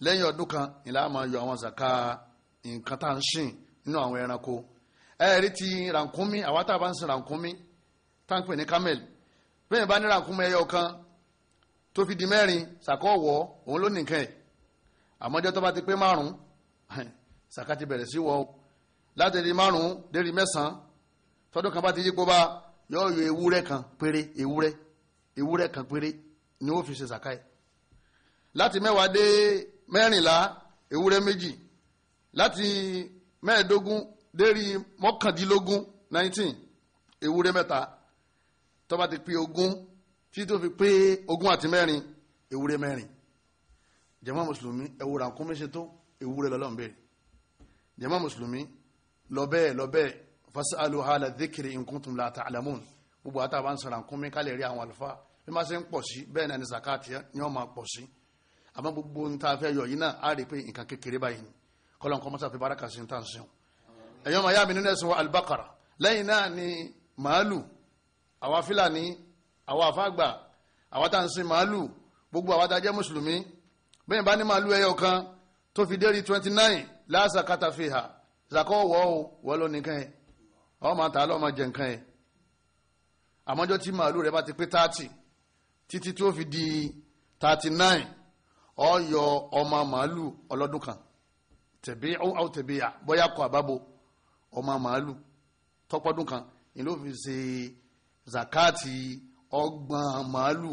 lẹ́yìn ọdún kan ìlà máa yọ àwọn zaka nǹkan tá à ń sìn nínú àwọn ẹranko ẹ̀rí ti rànkúnmí àwa tá a bá ń sin rànkúnmí tá à ń pè ní camel bẹ́ẹ̀ bá ní rànkúnmí ẹyọ kan tó fi di mẹ́rin sàkọ́wọ́ òun ló nìkan ẹ̀ àmọ́jọ́ tó bá ti pé márùn-ún sàkà ti bẹ̀rẹ̀ sí wọ́ láti márùn-ún dérí mẹ́sàn-án tọdún kan bá ti yípo bá yóò yọ ewúrẹ́ kan péré ewúrẹ́ ewúrẹ́ kan péré ni ó fi ṣe sàkà ẹ̀ láti mẹ́wàá dé mẹ́rìnlá ewúrẹ́ méjì láti mẹ́ẹ̀ẹ́dógún dérí mọ́kàndínlógún nineteen ewúrẹ́ mẹ́ta tó bá ti pé ogún títí tó fi pé ogún àti mẹ́rin ewúrẹ́ mẹ́rin jàmá mùsùlùmí ewúrẹ́ àkómẹ́sẹ̀ tó ewúrẹ́ lọ́lọ́run bẹ̀rẹ̀ jàmá mùsùlùmí lọ́bẹ̀ lọ́bẹ̀ fasalu hala dhikri in kuntum la ta'lamun gbogbo àtàwọn sọ̀rọ̀ àkómẹ́ kálẹ̀ rí àwọn àlùfáà bí wọ́n ṣe ń pọ̀ sí bẹ́ẹ̀ náà ni zakati ni wọ́n pọ̀ sí àmọ́ gbogbo ń ta fẹ́ yọ yìí náà á rí pé nǹkan kékeré báyìí ni kọ́lọ́n kọ́ baraka sí ta ń sìn ẹ̀yọ́ màá yá mi nínú ẹ̀sìn wa albakara lẹ́yìn náà ni màálù àwa fúlàní àwa àfáàgbà àwa tá à ń sin màálù gbogbo àwa tá a jẹ́ mùsùlùmí bẹ́ẹ̀ bá ní màálù ẹyọ kan tó fi dérí twenty nine láàṣà kàtàfihà zakọ́ wọ́ ọ wọ́ lọ nìkan yẹn ọ máa ta lọ́ọ́ máa jẹ nǹkan yẹn àmọ́jọ́ tí màálù rẹ̀ bá ti pé thirty títí tí fi di thirty nine ọyọ ọmọ màálù ọlọ́dún kan tẹ̀bí ọ́ tẹ̀bí à bóyá kọ àbábo ọmọ màálù tọ́pọ́dún kan ni ló fi ṣe zakati ọgbọ̀n màálù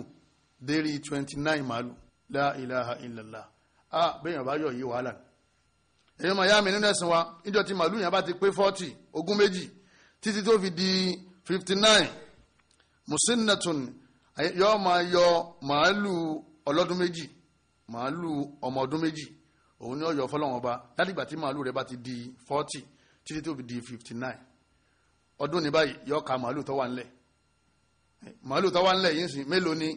dérí twenty nine màálù la ilaha illallah a bẹ́yàn bá yọ yí wàhálà ni èyí ma yá mi nínú ẹ̀sìn wa níjọ tí màálù yẹn bá ti pé forty ogún méjì títí tó fi di fifty nine musinnatun yọ ma yọ màálù ọlọ́dún màálù ọmọ ọdún méjì òun ni ọyọ fọlọ́wọn ọba látìgbà tí màálù rẹ bá ti di forty títí tó fi di fifty nine ọdún ní báyìí yọ ka màálù tó wà ńlẹ̀ màálù tó wà ńlẹ̀ yìí sìn mélòó ni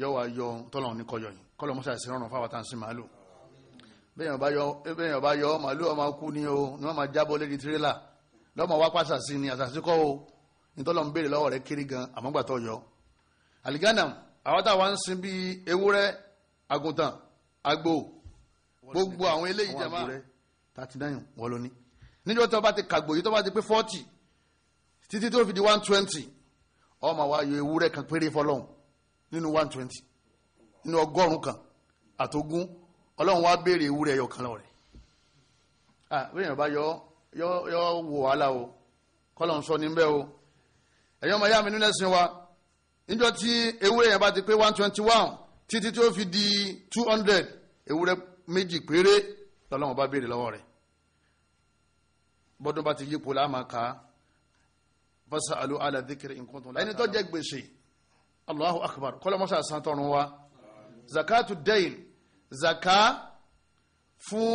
yọ wà yọ tọ́lọ̀ ní kọyọ yìí kọlọ̀ mọ́ṣáà sí rọrùn fáwọn àtàǹsí màálù bẹ́ẹ̀ ọba yọ màálù ọmọ kú ni o ni wọ́n máa jábọ́ lórí tirẹ́là lọ́mọ wá pàṣà sí ni àtàǹsí kọ́ o nítọ́lọ́ ń béèrè lọ́wọ́ rẹ kéré gan àmọ́gbàtọ́ yọ àlìgánà àwọn táwa ń sin bíi ewúrẹ́ àgùntàn agbo gbogbo àwọn eléyìí jẹ́ máa thirty nine wọ́n ló ní níjọ́ tó bá ti kàgbò yìí tó bá ti pé forty títí tó fi di one twenty ọmọ wa yọ ewúrẹ́ kan péré fọlọ́hún nínú one twenty nínú ọgọ́rùn-ún kan àtogún ọlọ́run wa béèrè ewúrẹ́ yọ kan lọ́rẹ̀ ah bí èèyàn bá yọ yọ yọ wò wàhálà o kọ́lọ́n sọ níbẹ̀ o ẹ̀yọ́ ọmọ yá mi nílẹ̀ sin wa níjọ́ tí ewúrẹ́ yẹn bá ti pé one twenty one títí tí ó fi di two hundred ewúrẹ́ méjì péré lọ́lọ́wọ́n bá béèrè lọ́wọ́ rẹ̀ bọ́dún bá ti yípo láàmà ká fasa alu ala dhikri in kuntum la ẹni tó jẹ gbèsè allahu akbar kọ́lá mọ́sá san tọrun wa zakatu dain zaka fún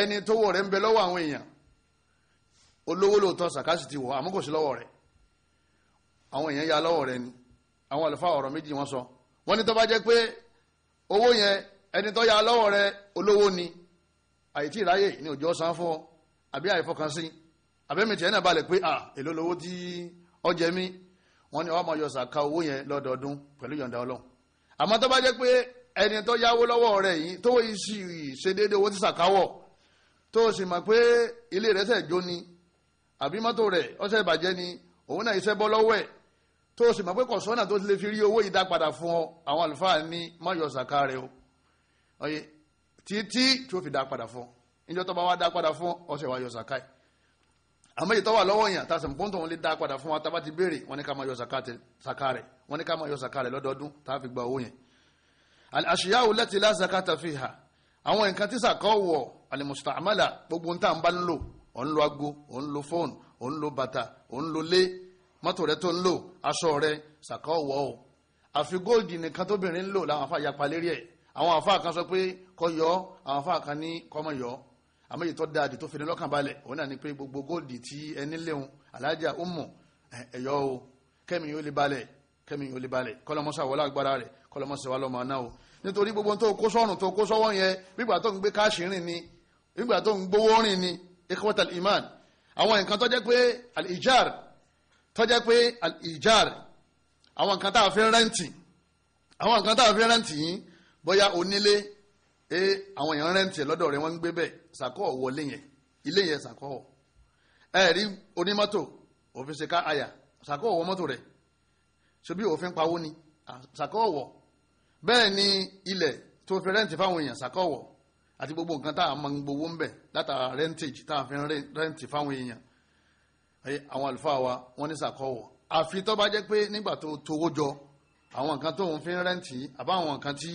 ẹni tó wọ̀ rẹ̀ ń bẹ lọ́wọ́ àwọn èèyàn olówó lóòótọ́ zaka ti wọ̀ àmọ́ sí lọ́wọ́ rẹ̀ àwọn èèyàn ya lọ́wọ́ rẹ̀ ni àwọn àlùfáà ọ̀rọ̀ méjì wọ́n sọ wọ́n ní tó bá jẹ́ pé owó yẹn ẹni tó ya lọ́wọ́ rẹ olówó ni àyètí ìráyè ní òjò san fún ọ àbí àìfọkànsí àbẹ́mi tiẹ̀ náà balẹ̀ pé à èló lowó tí ọjẹ́ wọn ni ní ọmọ yọ̀sà ka owó yẹn lọ́dọọdún pẹ̀lú yọ̀ǹda ọlọ́run àmọ́ tó bá jẹ́ pé ẹni tó yáwó lọ́wọ́ rẹ yìí tó wọ́n sì ṣe déédéé owó tí sàkáwọ̀ tó o sì mọ̀ pé ilé rẹ̀ sẹ̀ jó ni àbí mọ́tò rẹ̀ ọ̀sẹ̀ ìbàjẹ́ ni òun náà iṣẹ́ bọ́ lọ́wọ́ ẹ̀ tó o sì mọ̀ pé kò sọ́nà tó lè fi rí owó yìí dá padà fún ọ àwọn àlùfáà ní má yọ sàká rẹ o ọyẹ títí tí ó fi dá padà fún ọ níjọ́ tó bá wá dá padà fún ọ ṣe wá yọ sàká yìí àmọ́ èyí tó wà lọ́wọ́ yẹn tàṣà nǹkan tó ń lè dá padà fún wa tábà ti béèrè wọn ní ká máa yọ wọn ní ká máa yọ lọ́dọọdún tá a fi gba owó yẹn. àṣìyáwó lẹ́tí lásàká fi hà àwọn nǹkan tí sàkọ́ wọ̀ àlìmùsùtàmálà gbogbo ń tà ń bá ń lò ò ń lo ago ò ń lo fóònù ò ń lo bàtà ò ń lo lé mọ́tò rẹ tó ń lò aṣọ rẹ sàkà ọ̀wọ́ o àfi góòdì nìkan tóbìnrin ń lò làwọn afa yapa lérí ẹ̀ àwọn afa kan sọ pé kọ́ yọ àwọn afa kan ní kọ́mọ yọ àmọ́ èyí tó da àdì tó fi ní lọ́kàn balẹ̀ òun náà ni pé gbogbo góòdì tí ẹni léwu alájà ọmọ ẹ̀yọ́ o kẹ́mi yóò lè balẹ̀ kẹ́mi yóò lè balẹ̀ kọ́lọ́mọsá wọlé agbára rẹ̀ kọ́lọ́mọsá wà lọ́mọ náà o nítorí gbogbo tó kó sọ́run tó kó sọ́wọ́ yẹn gbígbà tó ń gbé káàṣì rìn ni gbígbà tó ń gbówó rìn ni ikhwatal iman àwọn nǹkan tó jẹ́ pé al tọ́jẹ́ pé ìjáàrì àwọn nǹkan tá a fi rẹ́ǹtì àwọn nǹkan tá a fi rẹ́ǹtì yìí bóyá onílé ẹ àwọn èèyàn rẹ́ǹtì lọ́dọ̀ rẹ̀ wọ́n ń gbé bẹ́ẹ̀ sàkọ́ wọlé yẹn ilé yẹn sàkọ́ ẹ rí onímọ́tò òfin ṣe ká àyà sàkọ́ wọ mọ́tò rẹ̀ ṣebí òfin pawó ni sàkọ́ wọ̀ bẹ́ẹ̀ ni ilẹ̀ tó fi rẹ́ǹtì fáwọn èèyàn sàkọ́ wọ̀ àti gbogbo nǹkan tá a máa gbowó ń bẹ̀ látara rẹ́ǹtì tá a fi rẹ́ǹtì fáwọn èèyàn àwọn àlùfáà wa wọ́n ní sàkọ́wọ̀ àfi tó bá jẹ́ pé nígbà tó towó jọ àwọn nǹkan tó òun fi ń rẹ́ǹtì àbá àwọn nǹkan tí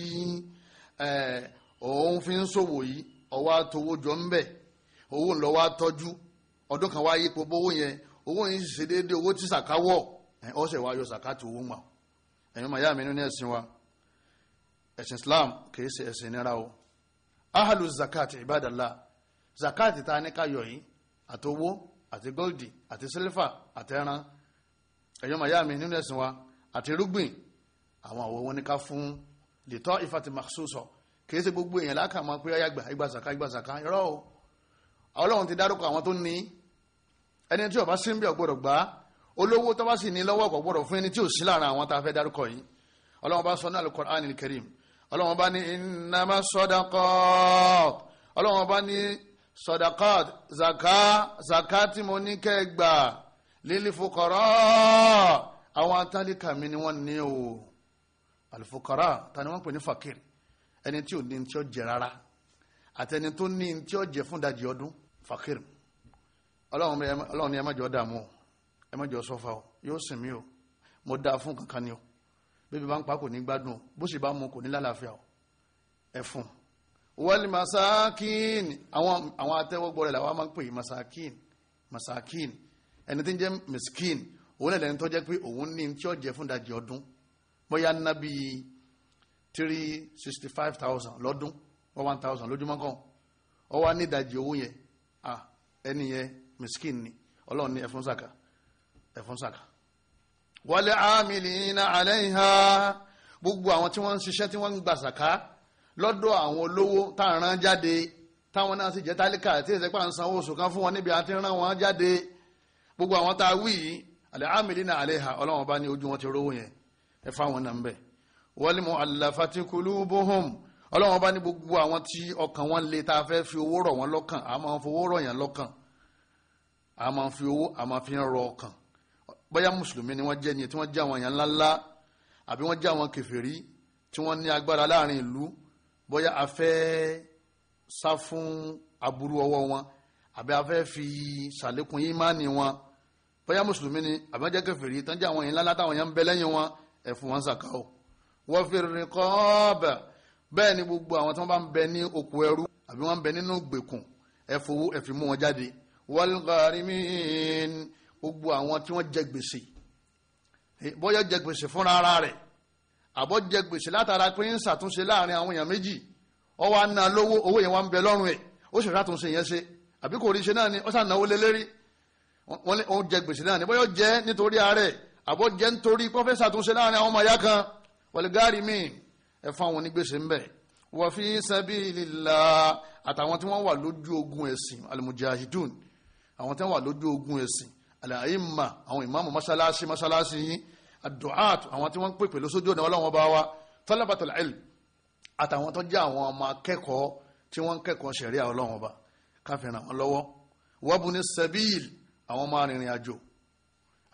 òun fi ń ṣòwò yìí ọwọ́ àtowó jọ ń bẹ̀ owó ńlọ wá tọ́jú ọdún kan wá yípo bówó yẹn owó yìí sì ṣe déédéé owó tí sàkáwọ̀ ọ̀sẹ̀ wa yọ sàkátì owó mà ẹ̀yin màá yá mi nínú ẹ̀sìn wa ẹ̀sìn Islam kìí ṣe ẹ̀sìn nira o ahalu zakat ibadallah zakati ta ní ká yọ yìí àtowó àti góòdì àti sílífà àtẹran ẹ̀yọ́ màyá mi nínú ẹ̀sìn wa àti irúgbìn àwọn àwọ̀ wọn ni ká fún lìtọ́ ìfàtí màṣúsọ kì í ṣe gbogbo èèyàn láàkà máa pé ayágbà ìgbàsàká ìgbàsàká irọ́ o ọlọ́run ti dárúkọ àwọn tó ní ẹni tí ó bá sí ń bí ó gbọ́dọ̀ gbà olówó tó bá sì ní lọ́wọ́ kò fún ẹni tí ò sí lára àwọn tá a fẹ́ dárúkọ yìí ọlọ́run bá sọ ní Al-Qur'anil ọlọ́run bá ní innamas ọlọ́run bá ní sadakat zaka zakati mo ní kẹgbà lílì fukara àwọn atálíkà mi ni wọ́n ní o alifukara ta ni wọ́n pè ní fakiri ẹni tí ò ní ní tí ó jẹ rárá àtẹni tó ní ní tí fún dajì ọdún fakiri ọlọ́run ni ẹ má jọ dààmú o ẹ má jọ sọ́fà o yóò sìn mí o mo dáa fún kankan ni o bébí bá ń pa kò ní gbádùn o bó sì bá mú kò ní lálàáfíà o ẹ fún un wọ́lì masakin àwọn àwọn atẹ́wọ́gbọ́ rẹ̀ làwọn máa ń pè masakin masakin ẹni tí ń jẹ́ miskin òun náà lẹ́ni tó jẹ́ pé òun ní tí ó jẹ fún ìdajì ọdún bóyá ná bí three sixty five thousand lọ́dún or one thousand lójúmọ́ kan ó wá ní ìdajì owó yẹn ah ẹni yẹn miskin ni ọlọ́run ní ẹ̀fún sàkà ẹ̀fún sàkà. wal amilina alayha gbogbo àwọn tí wọ́n ń ṣiṣẹ́ tí wọ́n ń gbà sàkà lọ́dọ̀ àwọn olówó tá à ń rán jáde táwọn náà sì jẹ́ tálíkà tí èsì pa ń sanwó oṣù kan fún wọn níbi àti rán wọn jáde gbogbo àwọn tá a wí yìí àlẹ́ àmìlí náà àlẹ́ ha ọlọ́wọ́n bá ní ojú wọn ti rówó yẹn ẹ fáwọn náà ń bẹ̀. wal mu'allafati qulubuhum ọlọ́wọ́n bá ní gbogbo àwọn tí ọkàn wọn le tá a fẹ́ fi owó rọ̀ wọn lọ́kàn a máa fi owó rọ̀ yẹn lọ́kàn a máa fi owó a máa fi ń rọ ọkàn bóyá mùsùlùmí ni wọ́n jẹ́ ni tí wọ́n jẹ́ àwọn èèyàn ńláńlá àbí wọ́n jẹ́ àwọn kèfèrí tí wọ́n ní agbára láàrin ìlú bóyá a fẹ́ sá fún aburú ọwọ́ wọn àbí a fẹ́ fi ṣàlékún ìmánì wọn bóyá mùsùlùmí ni àbí jẹ́ kèfèrí tán jẹ́ àwọn yẹn ńláńlá táwọn yẹn ń bẹ lẹ́yìn wọn ẹ̀ fún wọn sàkà o wọ́n fi rìn kọ́ ọ̀bẹ̀ bẹ́ẹ̀ ni gbogbo àwọn tí wọ́n bá ń bẹ ní oko ẹrú àbí wọ́n ń bẹ nínú gbèkùn ẹ fowó wọn jáde wal gharimin àwọn tí wọ́n jẹ gbèsè àbọ̀ jẹ gbèsè látara pé ń ṣàtúnṣe láàrin àwọn èèyàn méjì ó wá ná lówó owó yẹn wá ń bẹ lọ́rùn ẹ̀ ó sì ṣàtúnṣe yẹn ṣe àbí kò rí ṣe náà ni ó ṣànáwó lé lérí wọ́n lé òun jẹ gbèsè náà ni bóyá jẹ nítorí ààrẹ àbọ̀ jẹ nítorí pé ó fẹ́ ṣàtúnṣe láàrin àwọn ọmọ ìyá kan wọlé gáàrí míì ẹ fún àwọn onígbèsè ń bẹ wa fi sabilillah àtàwọn tí wọ́n wà lójú ogun ẹ̀sìn adu'at àwọn tí wọ́n ń pèpè lóṣojú ọ̀nà ọlọ́wọ́n bá wa talabatul ilm àtàwọn tó jẹ́ àwọn ọmọ akẹ́kọ̀ọ́ tí wọ́n ń kẹ́kọ̀ọ́ ṣẹ̀ríà ọlọ́wọ́n bá káfíńrà wọn lọ́wọ́ wabuni sabil àwọn ọmọ arìnrìn àjò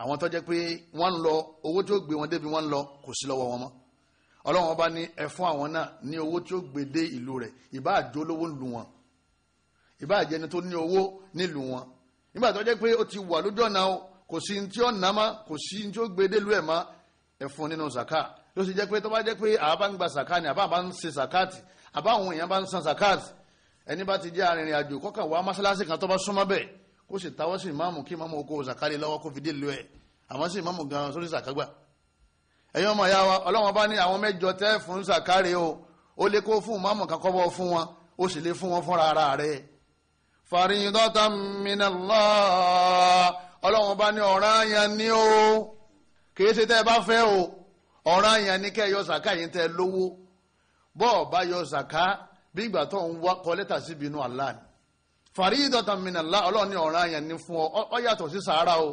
àwọn tó jẹ́ pé wọ́n ń lọ owó tí ó gbé wọn débi wọ́n ń lọ kò sí lọ́wọ́ wọn mọ́ ọlọ́wọ́n bá ní ẹ fún àwọn náà ní owó tí gbé dé ìlú rẹ̀ ìbá àjò lówó ń lu wọn ìbá àjẹni tó ní owó nílùú wọn nígbà tó jẹ́ pé ó ti wà lójú ọ̀nà o kò sí ní tí ó nà má kò sí ní tí ó gbé ẹ̀ má ẹ nínú zaka ló sì jẹ́ pé tó bá jẹ́ pé àwa ń gba zaka ni àbá bá ń ṣe zakati àbá àwọn èèyàn bá ń san zakati ẹni bá ti jẹ́ arìnrìn àjò kọ́kàn wá mọ́sálásí kan tó bá súnmọ́ bẹ́ẹ̀ kó sì tawọ́ sí ìmáàmù kí ìmáàmù oko zakari lọ́wọ́ kó fi délùú ẹ̀ àmọ́ sí ìmáàmù gan sórí zakágbà ẹ̀yin ọmọ ìyá wa ọlọ́wọ́n bá ní àwọn mẹ́jọ tẹ́ fún zakari minallah ọlọ́run bá ní ọ̀ranyàn ni o kìí ṣe tẹ́ ẹ bá fẹ́ o ọ̀ranyàn ni kẹ́ ẹ yọ sàká yín tẹ́ ẹ lówó bọ́ọ̀ bá yọ sàká bí ìgbà tó ń wá kọ lẹ́tà síbi inú Allah ni faridatan min Allah ọlọ́run ní ọ̀ranyàn ni fún ọ ọ yàtọ̀ sí sàárà o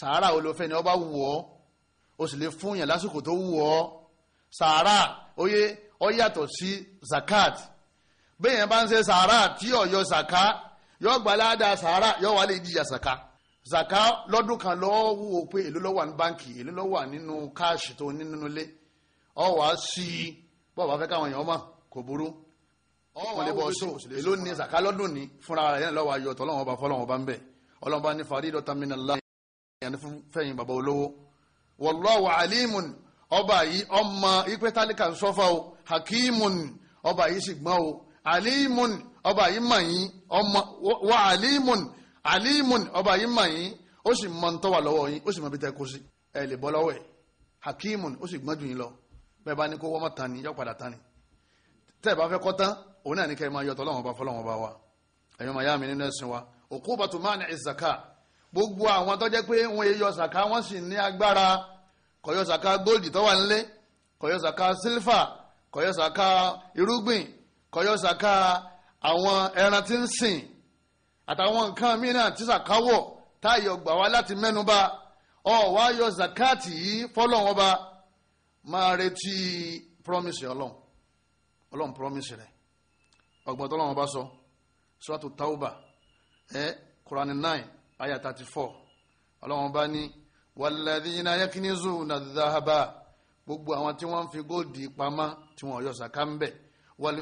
sàárà o ló fẹ́ ni ọba wù ọ́ o sì lè fún yàn lásìkò tó wù ọ́ sàárà oyè ọ yàtọ̀ sí zakat bẹ́ẹ̀ yẹn bá ń ṣe sàárà tí ó yọ sàká yọ gbalada sàárà yọ wà lè jìyà sàká zaka lọ́dún kan lọ́wọ́ wò ó pé èló ló wà ní báǹkì èló ló wà nínú káàṣì tó ní nínú ilé ọ wà á sí i bọ́ọ̀ bá fẹ́ káwọn èèyàn mọ̀ kò burú wọn lè bọ́ so èló ní zaka lọ́dún ní fúnra rẹ̀ yẹn lọ́wọ́ ayọ̀tọ̀ ọlọ́wọ́n bá fọlọ́wọ́n bá ń bẹ̀ ọlọ́wọ́n bá ní faridatan minallahi yẹn fún fẹ́yìn bàbá olówó wallahu alimun ọba yìí ọmọ ipe tálíkà ń sọ́fà o hakimun ọba yìí sì gbọ́n o alimun ọba yìí mọ̀ yín ọmọ wa alimun alimun ọba yìí mọ̀ yín ó sì mọ ń tọ́wà lọ́wọ́ yín ó sì mọ bí tẹ́ kó sí ẹ lè bọ́ lọ́wọ́ ẹ̀ hakimun ó sì gbọ́n jù yín lọ bẹ́ẹ̀ bá ní kó wọ́n mọ̀ tán ni yọ padà tán ni tẹ́ ẹ bá fẹ́ kọ́ tán òun náà ní kẹ́ ẹ máa yọ tọ́lọ́wọ́n bá fọlọ́wọ́n bá wa ẹ̀yọ́ màá yá mi nínú ẹ̀sìn wa òkú bàtú máa ní ìsàkà gbogbo àwọn tó jẹ́ pé wọ́n yọ sàkà wọ́n sì ní agbára kò yọ sàkà góòlì tó wà nílé kò yọ sàkà irúgbìn kò àwọn ẹran tí ń sìn àtàwọn nǹkan mìíràn tí sàkáwọ̀ táyé ọgbà wá láti mẹ́nuba ọ wá yọ zakati yìí fọlọ́n ọba máa retí promise ọlọ́run ọlọ́run promise rẹ̀ ọgbọ́n tó lọ́wọ́ bá sọ suratu tauba ẹ quran nine ayah thirty four ọlọ́run bá ní walladhina yaknizuna dhahaba gbogbo àwọn tí wọ́n fi góòdì pamọ́ tí wọ́n yọ sàkà ń bẹ̀ wal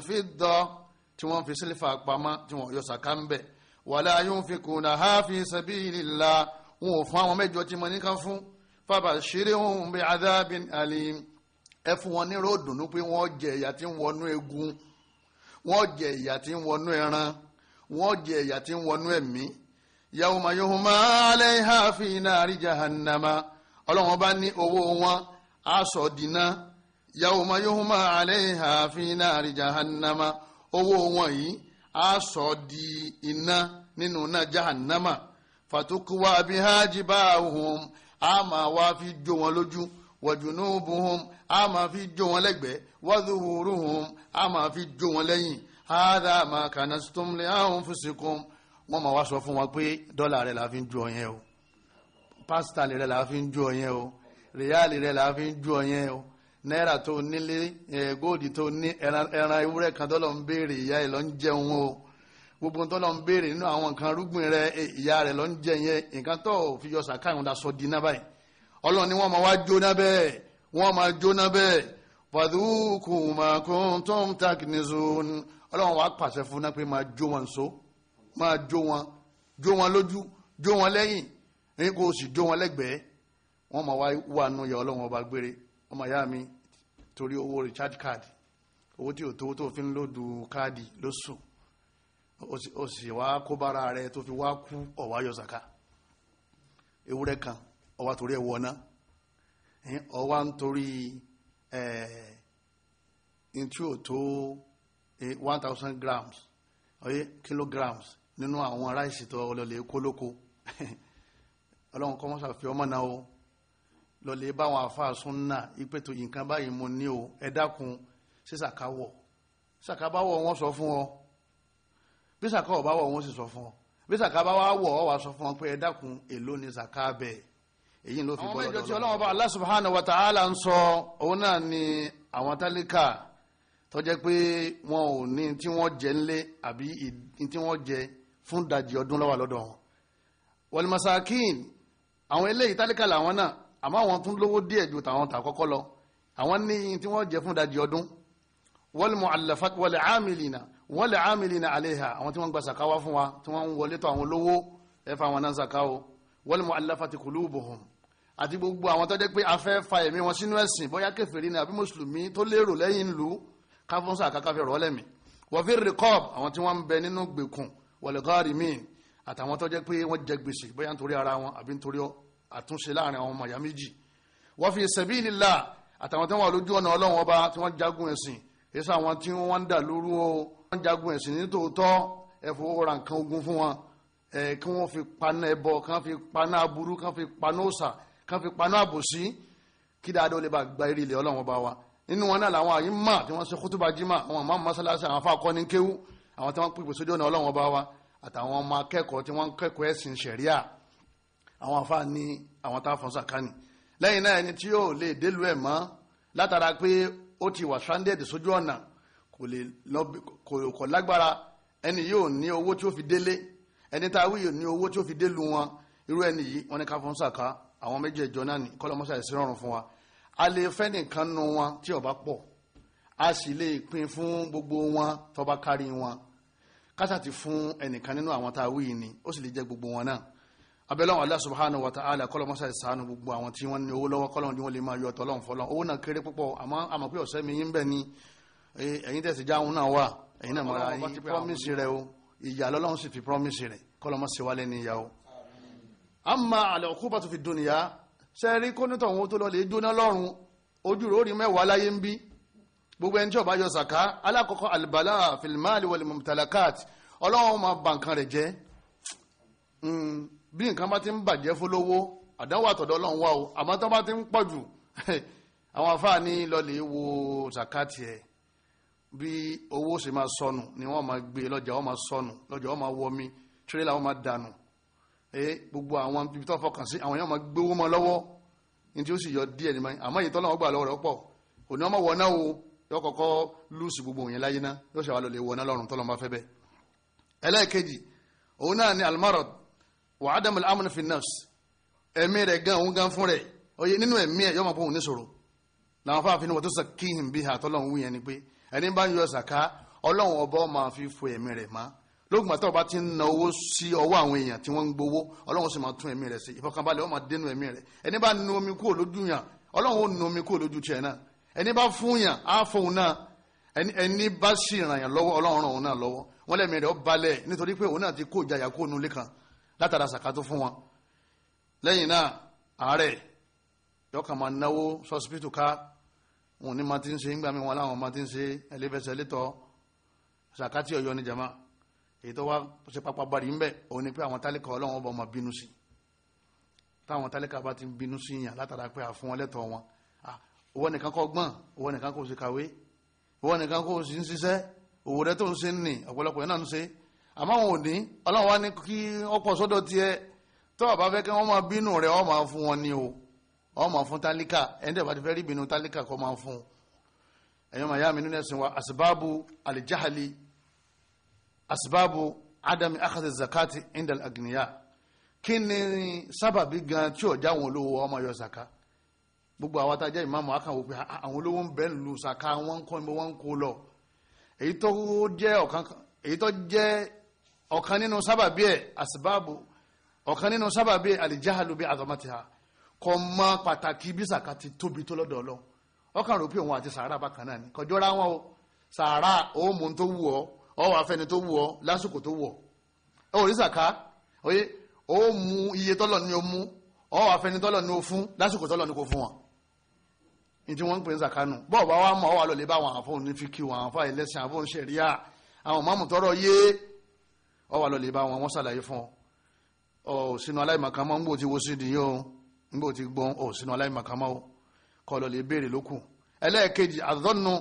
tí wọ́n fi sílífà pamọ́ tí wọ́n yọ sàkà ń bẹ̀ wala yunfikunaha fi sabilillah wọn ò fún àwọn mẹ́jọ tí mo ní kan fún fabashirhum bi'adhabin alim ẹ fún wọn nírò dùnú pé wọ́n jẹ ìyà tí ń wọnú egun wọ́n jẹ ìyà tí ń wọnú ẹran wọ́n jẹ ìyà tí ń wọnú ẹ̀mí yawma yuhma 'alayha fi nari jahannama ọlọ́wọ́n bá ní owó wọn aṣọ jahannama owó wọn yìí a sọ di iná nínú náà jahannama fatukuwa biha jibahum a máa wá fi jó wọn lójú wa junubuhum a máa fi jó wọn lẹ́gbẹ̀ẹ́ wa zuhuruhum a máa fi jó wọn lẹ́yìn hadha ma kanastum li anfusikum wọ́n máa wá sọ fún wọn pé dọ́là rẹ̀ la fi ń jó ọyẹn o pásítà rẹ̀ la fi ń jó ọyẹn o rìyáàlì rẹ̀ la fi ń jó ọyẹn o náírà tó nílé góòdì tó ní ẹran ewúrẹ́ kan tó lọ ń béèrè ìyá ẹ̀ lọ ń jẹun o gbogbo tó lọ ń béèrè nínú àwọn nǹkan rúgbìn rẹ ìyá rẹ lọ ń jẹ yẹn nǹkan tó fi yọ sàká ìwọn daṣọ di náà báyìí ọlọ́run ni wọ́n máa wá jóná bẹ́ẹ̀ wọ́n máa jóná bẹ́ẹ̀ fàdúkù màkún tó ń takinizun ọlọ́run wàá pàṣẹ fún náà pé máa jó wọn so máa jó wọn jó wọn lójú jó wọn lẹ́yìn èyí kò sì jó wọn lẹ́gbẹ̀ẹ́ wọ́n máa wá wà nù yà ọlọ́run ọba gbére ọmọ ìyá mi torí owó recharge card owó tí ò tó tó fi ń lòdù káàdì lóṣù ó sì wá kó bára rẹ tó fi wá kú ọ̀wá yọ̀sàká ewúrẹ́ kan ọwá torí ẹwọ ọ̀nà ọwá ń torí ẹ̀ẹ́n tí ò tó 1000 grams ọyẹ́ kilograms nínú àwọn aráìsì tó ọlọ́lẹ̀ kólókó [LAUGHS] ọlọ́run kọ́mọ́sà fi ọmọ náà lọ́lẹ̀ báwọn àfáà súnnà ìpètò nǹkan báyìí mo ní o ẹ dákun sí sàkáwọ̀ sàkábáwọ̀ wọ́n sọ fún ọ bí sàkáwọ̀ báwọ̀ wọ́n sì sọ fún ọ bí sàkábáwọ̀ wọ̀ ọ wà sọ fún ọ pé ẹ èló ni sàkábẹ̀ èyí ló fi bọ́ lọ́dọ̀ lọ́wọ́. àwọn ọmọ Allah subhanahu wa ta'ala ń sọ òun náà ni àwọn tálíkà tó jẹ́ pé wọn ò ní tí wọ́n jẹ ńlé àbí tí wọ́n àmọ́ àwọn tún lówó díẹ̀ ju tàwọn tà kọ́kọ́ lọ àwọn ní tí wọ́n jẹ fún dajì ọdún wal mu'allafat wal amilina wal amilina aleha àwọn tí wọ́n gba sàkáwá fún wa tí wọ́n ń wọlé tó àwọn lówó ẹ̀fà àwọn náà sàkáwó wal mu'allafati qulubuhum àti gbogbo àwọn tó jẹ́ pé a fẹ́ fa ẹ̀mí wọn sínú ẹ̀sìn bóyá kèfèrí ni àbí mùsùlùmí tó lérò lẹ́yìn ìlú káfọ́nsà kákáfẹ́ rọ́ lẹ́mí wa fi riqab àwọn tí wọ́n ń bẹ nínú gbèkùn wal gharimin àtàwọn tó pé wọ́n jẹ gbèsè bóyá nítorí ara wọn àbí nítorí àtúnṣe láàrin àwọn ọmọ ìyá méjì wa fi sabilillah àtàwọn tí wọ́n lójú ọ̀nà ọlọ́run ọba tí wọ́n jagun ẹ̀sìn èyí sọ àwọn tí wọ́n ń dà lóru o wọ́n jagun ẹ̀sìn ní tòótọ́ ẹ fowó ra nǹkan ogun fún wọn ẹ kí wọ́n fi paná ẹbọ kán fi paná aburú kán fi paná òòsà kán fi paná àbòsí kí dáadọ́ lè bá gba eré ilẹ̀ ọlọ́run ọba wa nínú wọn náà làwọn àyín mà tí wọ́n ṣe kútùbà jimá àwọn àmọ́ mọ́sálásí àwọn afá akọni kéwú àwọn tí wọ́n pè pèsè ọjọ́ ọ̀nà ọlọ́run ọba wa àtàwọn ọmọ akẹ́kọ̀ọ́ tí wọ́n kẹ́kọ̀ọ́ ẹ̀sìn ṣẹ̀ríà àwọn àfáà ní àwọn táwọn fọ́n sàkánì lẹ́yìn náà ẹni tí yóò lè délùú ẹ̀ mọ́ látara pé ó ti wà stranded sójú ọ̀nà kò lè lọ kò lágbára ẹni yóò ní owó tí ó fi délé ẹni tá a wí yóò ní owó tí ó fi délùú wọn irú ẹni yìí wọn ní ká fọ́n sàká àwọn méjì ẹjọ náà ní kọ́lọ́mọṣà ẹ̀sìn rọrùn fún wa a lè fẹ́ nìkan nu wọn tí ó bá pọ̀ a sì lè pín fún gbogbo wọn tó bá kárí wọn kásà ti fún ẹnìkan nínú àwọn tá a wí yìí ni ó sì lè jẹ gbogbo wọn náà abẹ́lọ́wọ̀n Allah subhanahu wa ta'ala kọ́lọ́mọ́sá ìsànù gbogbo àwọn tí wọ́n ní owó lọ́wọ́ kọ́lọ́n ni wọ́n lè máa yọ ọ̀tọ̀ lọ́wọ́n fọlọ́n owó náà kéré púpọ̀ àmọ́ àmọ́ pé ọ̀sẹ́ mi yín bẹ̀ ni ẹ̀yin tẹ̀sí já náà wà ẹ̀yin náà mọ̀ra yín promise rẹ o ìyá lọ́lọ́run sì fi promise rẹ kọ́lọ́mọ́sí wa lẹ́ni ìyá o. amma ń bí gbogbo ẹni bá yọ zaka alákọ̀ọ́kọ́ bí nǹkan bá ti ń bàjẹ́ fólówó àdánwò àtọ̀dọ̀ ọlọ́run wá o àmọ́ tó bá ti ń pọ̀ jù [LAUGHS] àwọn afáà ní lọ́lẹ̀ wo zakati ẹ̀ bí owó ṣe máa sọnù ni wọ́n máa gbé lọ́jà wọ́n máa sọnù lọ́jà wọ́n máa wọmi tírélà wọ́n máa dànù gbogbo àwọn ibi tó fọkàn sí àwọn yẹn máa gbé owó mọ́ lọ́wọ́ ní tí ó sì yọ díẹ̀ ní báyìí àmọ́ èyí tọ́lọ́wọ́ gbà lọ́wọ́ rẹ̀ pọ̀ òní wọ́n máa wọ̀ náà o yọ kọ́kọ́ lùsì gbogbo òyìn láyé náà yóò ṣàwálò lè wọ̀ náà lọ́rùn tọ́lọ́ máa fẹ́ bẹ́ẹ̀ ẹlẹ́ẹ̀kejì òun náà ni almarad wà á dàmú amúnú fi gan òun gan fún rẹ̀ oye nínú ẹ̀mí ẹ̀ yọ ọmọ pọ̀hún níṣòro làwọn fáwọn àfihàn wọn tó sọ kí bí ha wúyẹn ni pé ẹni bá ń yọ ṣàká ọlọ́run ọba máa fi fo ẹ̀mí ma má lóògùn o ọba ti ń na owó sí ọwọ́ àwọn èèyàn tí wọ́n ń gbowó ọlọ́run sì máa tún ẹ̀mí rẹ̀ sí ìfọkànbalẹ̀ ó ẹni bá nu omi kúrò lójú yàn nu omi kúrò látara sàkátó fún wọn lẹ́yìn náà àárẹ̀ yọkàn máa náwó sọ́sibítù ká wọn ní máa ti ń ṣe ńgbà mi wọn láwọn máa ti ń ṣe ẹlẹ́fẹsẹ̀ létọ́ sàkátì ọ̀yọ́ ni jama èyí tó wá ṣe pápá bari ń bẹ̀ òun ni pé àwọn tálíkà ọlọ́run ọba ọmọ bínú sí táwọn tálíkà bá ti bínú sí yàn látara pé àfún wọn lẹ́tọ̀ọ́ wọn owó nìkan kọ́ gbọ́n owó nìkan kò sí kàwé owó nìkan kò sí ń ṣiṣẹ́ òwò rẹ tó ń ṣe ń nì ọ̀pọ̀lọpọ̀ yẹn náà ń ṣe é àmọ́ wọn ò ní ọlọ́run wá ní kí wọ́n pọ̀ sọ́dọ̀ tiẹ̀ tó o bá fẹ́ kí wọ́n máa bínú rẹ̀ wọ́n máa fún wọn ní o wọ́n máa fún tálíkà ẹni tẹ̀ bá ti fẹ́ rí ìbínú tálíkà kọ́ máa fún un ẹ̀yin ọmọ ìyá mi nínú ẹ̀sìn wa asibaabu alijahali asibaabu adami akasi zakati indal agniya kí ni sábàbí gan tí ọjà àwọn olówó ọmọ yọ zaka gbogbo àwọn atajẹ́ ìmáàmù akàwọ̀ pé ah, àwọn olówó ń bẹ́ ń lu zaka wọn ń kọ́ ẹ̀ kó lọ èyí tó jẹ́ ọ̀kan èyí tó jẹ́ ọ̀kan nínú sábàbí ẹ̀ àsìbáàbò ọ̀kan nínú sábàbí ẹ̀ àlìjáhàlú bí àdọ́mọ́tìhà kọ́ mọ pàtàkì bí sàkà ti tóbi tó lọ́dọ̀ ọlọ́ ọkàn rò pé òun àti sàárà bákan náà ni kọjọ́ra wọn o sàárà òmù tó wù ọ́ ọwọ́ afẹ́ni tó wù ọ́ lásìkò tó wù ọ́ ẹ ò rí òmù iye tọ́lọ̀ ni o mú ọwọ́ afẹ́ni tọ́lọ̀ ni o fún lásìkò tọ́lọ̀ ni kò fún wọn ìdí wọn ń pè ń sàkánù bọ́ọ̀ bá wa mọ̀ ọ́ wà lọ́lẹ́ bá àwọn àfọ̀ onífikì wọn àfọ̀ ẹlẹ́sìn àfọ̀ oníṣẹ̀ríà àwọn mọ̀mù tọ́rọ̀ yé ọ wà lọ́lẹ̀ bá wọn wọ́n ṣàlàyé fún ọ ọ sínú aláìmọ̀kan mọ́ nígbò tí wo sí o nígbò tí gbọn ọ sínú aláìmọ̀kan o kọ́ lọ́lẹ̀ béèrè lókù ẹlẹ́ẹ̀kejì àdọ́nu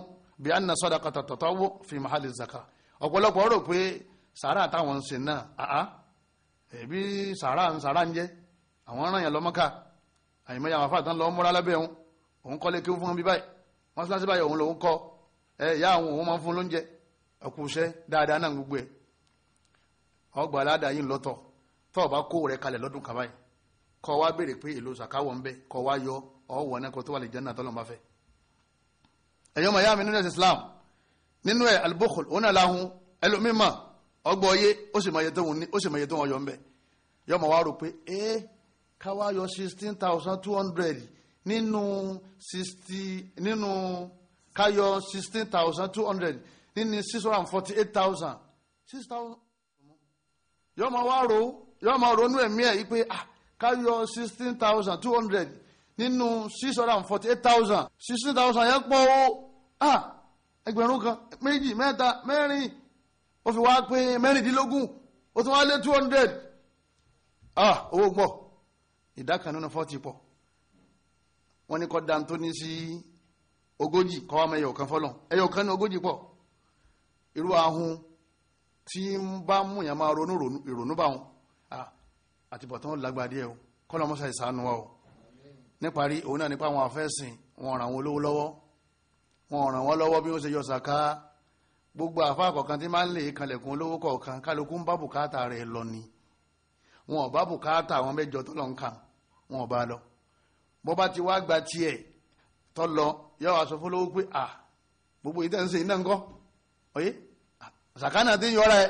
bí anna sadaqata tatawu fi mahali zaka ọ̀pọ̀lọpọ̀ rò pé sàárà táwọn ń ṣe náà àá ẹ̀bí sàárà ń ń àwọn múra òun òun fún sì láti òun ọgbà aládàá yìí lọ́tọ̀ tọ́ ọba kó rẹ̀ kalẹ̀ lọ́dún kaba yìí kọ́ wa béèrè pé èlò sàkáwọ̀ ń bẹ kọ́ wa yọ ọwọ́ náà kó tó wà lè jẹ́ náà tọ́lọ́ bá fẹ́. ẹ̀yọ́ màyá mi nínú ẹ̀sìn Islam nínú ẹ̀ albukhul òun náà lahun ẹlòmímọ̀ ọgbọ́ yé ó sì máa yẹ tó wọn ní ó sì máa yẹ tó wọn yọ ń yọ mọ̀ wá rò pé ẹ eh, káwa yọ sixteen thousand two hundred nínú sixty nínú káyọ sixteen thousand two hundred nínú six hundred and forty eight thousand six thousand yóò máa wá ro yóò máa ronú ẹ̀mí ẹ̀ yí pé ah káyọ̀ sixteen thousand two hundred nínú six hundred and forty eight thousand sixteen thousand yẹn pọ̀ o ah ẹgbẹ̀rún kan méjì mẹ́ta mẹ́rin ó fi wá pé mẹ́rìndínlógún ó tún wá lé two hundred ah owó pọ̀ ìdá kan nínú forty pọ̀ wọ́n ní kọ́ dan tó ní sí ogójì kọ́ wa mọ ẹyọ kan fọlọ́ ẹyọ kan ní ogójì pọ̀ irú ahun tí ń bá mú yàn máa ronú ìrònú bá wọn àti bọ̀tán lágbàdí ẹ̀ kọ́lọ́mọ́sá ìsànú wa o níparí òun náà nípa àwọn afẹ́sìn wọn ràn wọn olówó lọ́wọ́ wọn ràn wọn lọ́wọ́ bí wọ́n ṣe yọ sàká gbogbo àfa kọ̀ọ̀kan tí máa ń lè kanlẹ̀kùn olówó kọ̀ọ̀kan kálukú ń bá bùkátà rẹ̀ lọ ni wọn bá bùkátà àwọn mẹ́jọ tó lọ ń kàn wọn bá lọ bó bá ti wá gba tiẹ̀ tó lọ yọ àsọfúnlówó pé à gbogbo ìtẹ́nsẹ̀ iná ń kọ́ àṣàká náà ti ń yọra ẹ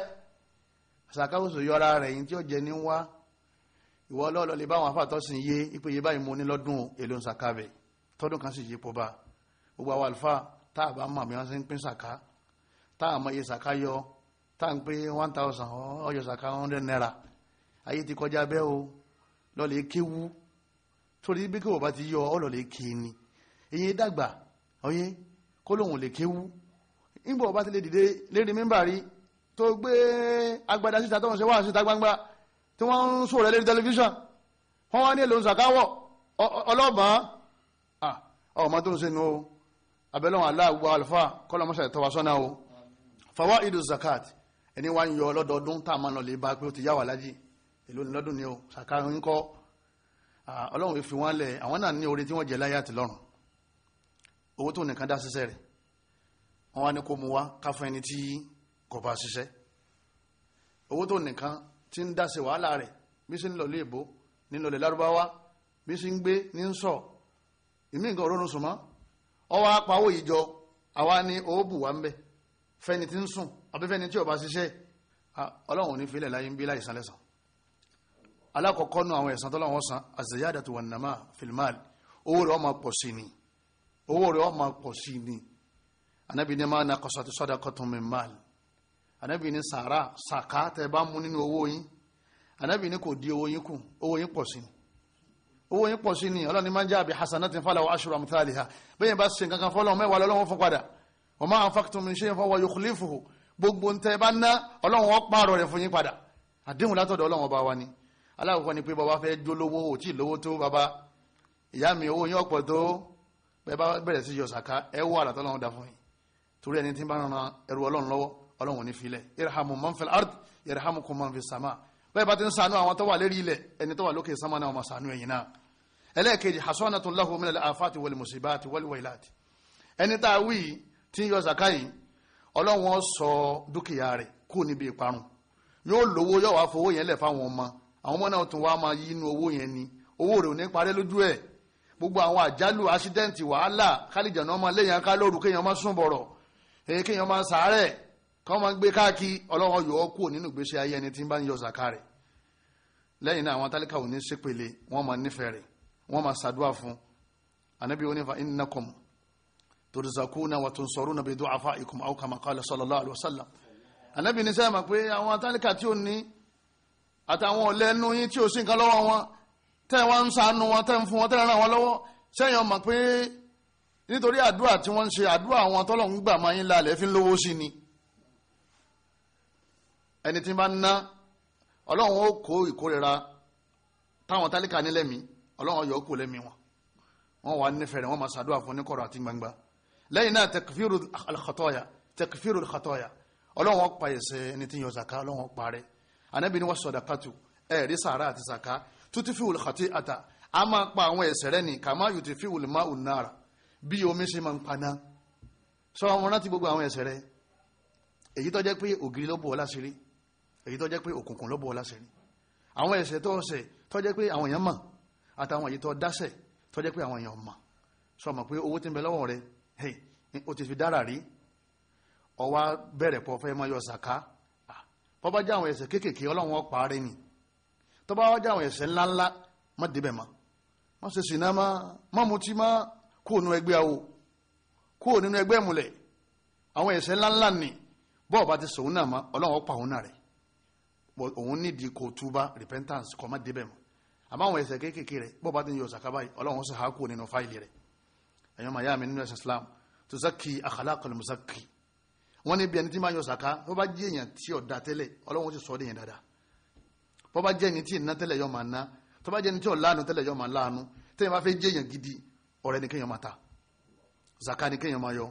àṣàká ó sì yọra rẹ̀ yìí tí ó jẹ ní wá ìwọ ọlọ́ọ̀lọ́ lè bá àwọn afáàtọ́sìn yé ipò yé báyìí mo ní lọ́dún èlò ń ṣàká bẹ̀ tọ́dún kan sì yé pọ̀ bá gbogbo àwọn àlùfáà tá a bá mọ̀ bí wọ́n ṣe ń pín ṣàká tá a mọ iye ṣàká yọ tá a ń pé one thousand ọyọ ṣàká hundred naira ayé ti kọjá bẹ́ẹ̀ o lọ́ọ̀lẹ́ kéwú torí bí kò bá ti yọ ọlọ́ọ̀lẹ́ kéé ni èyí dàgbà ọyẹ kó lóun lè kéwú nígbà ọba ti lè dìde lérí mímbà rí tó gbé agbada síta tó ń ṣe wá síta gbangba tí wọ́n ń sọ rẹ̀ lérí tẹlifíṣàn wọ́n wá ní èlò ìsàkáwọ̀ ọlọ́bàá ọmọ tó ń ṣe nu abẹ́lọ́wọ̀n aláàgbà alfa kọ́lọ́mọṣà ìtọ́wàsọ́nà o fàwa ìdù zakat ẹni wá ń yọ ọlọ́dọọdún tá a máa nọ lè bá pé ó ti yá wà lájì èlò ní lọ́dún ni o ṣàkà ń kọ́ ọlọ́run fi wọ́n lẹ̀ àwọn náà ní oore tí wọ́n jẹ láyé àti owó tó nìkan dá ṣiṣẹ́ rẹ̀ wọ́n wá ní kó mu wá ká fún ẹni tí kò bá ṣiṣẹ́ owó tó nìkan ti ń dáṣe wàhálà rẹ̀ bí sí ń lọ léèbó ní lọlẹ̀ lárúbáwá bí sí ń gbé ní ń sọ ìmí nǹkan òrónú sùn mọ́ ọwọ́ apáwò ìjọ àwa ni òóbù wa ń bẹ fẹ́ni tí ń sùn àbí fẹ́ni tí ò bá ṣiṣẹ́ ọlọ́run ò ní filẹ̀ láyé ń bí láì sálẹ̀ sàn alákọ̀ọ́kọ́ nù àwọn ẹ̀sán tọ́lọ́wọ́ san àzẹ̀yádàtò wà owó rẹ̀ ó máa sí ni owó rẹ̀ ó máa sí ni anabi ní máa nakọ̀sọ̀ àti sọ́dà kọ́tún mi máàlì anabi ní sàrà sàká tẹ bá mú nínú owó yín anabi ní kò di owó yín kù owó yín pọ̀ sí ni owó yín pọ̀ sí ni ọlọ́run ní máa ń jẹ́ àbí hasanatin falahu ashru amthaliha bẹ́ẹ̀ bá ṣe kankan fọlọ́run mẹ́wàá lọ́wọ́ fún padà wa ma anfaqtum min shay'in fahuwa yukhlifuhu gbogbo ntẹ́ bá ná ọlọ́run ó pààrọ̀ rẹ̀ fún yín padà àdéhùn látọ̀dọ̀ ọlọ́run ọba wa ni aláwọ̀kọ́ ni pé bàbá fẹ́ jólówó ò tí ì lówó tó bàbá ìyá mi owó yín ọ̀pọ̀ tó bẹ́ẹ̀ bá bẹ̀rẹ̀ sí yọ sàká ẹ wọ àràtọ́ ọlọ́run dá fún yín torí ẹni tí ń bá ń ran ẹrù ọlọ́run lọ́wọ́ ọlọ́run ní filẹ̀ irhamu man fil ard irhamukum man fis sama bẹ́ẹ̀ bá ti ń sànú àwọn tó wà lérí ilẹ̀ ẹni tó wà lókè sánmà náà máa sànú ẹ̀yìn náà ẹlẹ́ẹ̀kejì hasanatun lahu min al-afati wal musibati wal wailati ẹni tá a wí tí ń yọ zakai ọlọ́run sọ dúkìá rẹ̀ kú níbi ìparun yóò lówó yóò wá fowó yẹn lẹ̀ fáwọn ọmọ àwọn ọmọ náà tún wá máa yí inú owó yẹn ni owó rẹ̀ ò ní parẹ́ lójú ẹ̀ gbogbo àwọn àjálù àṣídẹ́ǹtì wàhálà kálíjà náà máa léyàn ká lóru kéèyàn má sún bọ̀rọ̀ èyí kéèyàn máa sàárẹ̀ kọ́ máa gbé káàkiri ọlọ́run yọ ọ́ kúrò nínú ìgbésí ayé ẹni tí ń bá ń yọ zaka rẹ̀ lẹ́yìn náà àwọn tálíkà ò ní ṣépele wọ́n máa nífẹ̀ẹ́ rẹ̀ wọ́n máa ṣàdúrà fún anabi onífa innakum turzakuna wa tunsaruna bi du'afaikum aw kama qala sallallahu alaihi wasallam anabi ní sẹ́yìn pé àwọn tálíkà tí ò ní àtàwọn ọ̀lẹ́nu yín tí ò sí nǹkan lọ́wọ́ wọn tẹ́ wọn ń ṣàánú wọn tẹ́ ń fún wọn tẹ́ ràn wọn lọ́wọ́ sẹ́yìn ọmọ pé nítorí àdúrà tí wọ́n ń ṣe àdúrà àwọn tọ́lọ́hún gbà máa yín lálẹ́ fi ń lówó sí ni ẹni tí bá ń ná ọlọ́run ó kó ìkórira táwọn tálíkà nílẹ̀mí ọlọ́run yọ kó lẹ́mí wọn wọn wà nífẹ̀ẹ́ rẹ̀ wọ́n máa ṣàdúrà fún oníkọ̀rọ̀ àti gbangba lẹ́yìn náà tẹkifíru al tẹkifíru al ọlọ́run ọ̀pá ẹ̀ṣẹ̀ ẹni tí yọ zaka ọlọ́run ọ̀pá rẹ̀ anábì ni wọ́n sọ̀dàkàtù ẹ̀ẹ́dì sàrà àti zaka tútù fíwùl khati'ata a máa pa àwọn ẹ̀ṣẹ̀ rẹ̀ ní kàmá yòtù fíwùl máa ò bí omi ṣe máa ń paná sọ́ra wọn láti gbogbo àwọn ẹ̀ṣẹ̀ rẹ èyí tó jẹ́ pé ògiri ló bò ọ́ láṣìírí èyí tó jẹ́ pé òkùnkùn ló bò ọ́ láṣìírí àwọn ẹ̀ṣẹ̀ tó ṣẹ̀ tó jẹ́ pé àwọn èèyàn mọ̀ àtàwọn èyí tó dáṣẹ̀ tó jẹ́ pé àwọn èèyàn mọ̀ sọ ma pé owó tí ń bẹ lọ́wọ́ rẹ o ti fi dára rí ọwá bẹ̀rẹ̀ pọ̀ fẹ́ mọ́ yọ ṣàká bọ́bá jẹ́ àwọn ẹ̀ṣẹ̀ kéékèèké ọlọ́run ọ̀pá rẹ ni tọ́bá wá jẹ́ àwọn ẹ̀ṣẹ̀ ńláńlá má débẹ̀ mọ́ má ṣe sìnà má má mutí má kúrò nínú ẹgbẹ́ awo kúrò nínú ẹgbẹ́ ìmùlẹ̀ àwọn ẹ̀ṣẹ̀ ńláńlá ni bọ́ọ̀ bá ti sòun náà mọ́ ọlọ́run ọ̀pá òun náà rẹ̀ òun nídìí kò túbá repentance kọ́ má débẹ̀ mọ́ àmọ́ àwọn ẹ̀ṣẹ̀ kéékèèké rẹ̀ bọ́ọ̀ bá ti yọ sàkábà yìí ọlọ́run sì há kúrò nínú fáìlì rẹ̀ ẹ̀yọ́ màyá mi nínú ẹ̀sìn Islam tó sákì akhlaqal muzakki wọ́n ní bí ẹni tí máa yọ sàká bó bá jẹ́ èèyàn tí ọ̀dà tẹ́lẹ̀ ọlọ́run ti sọ ọ́ dẹ̀yẹn dáadáa bó bá jẹ́ ẹni tí ìná tẹ́lẹ̀ yọ gidi ọ̀rẹ́ ní kéèyàn máa ta zaka ní kéèyàn máa yọ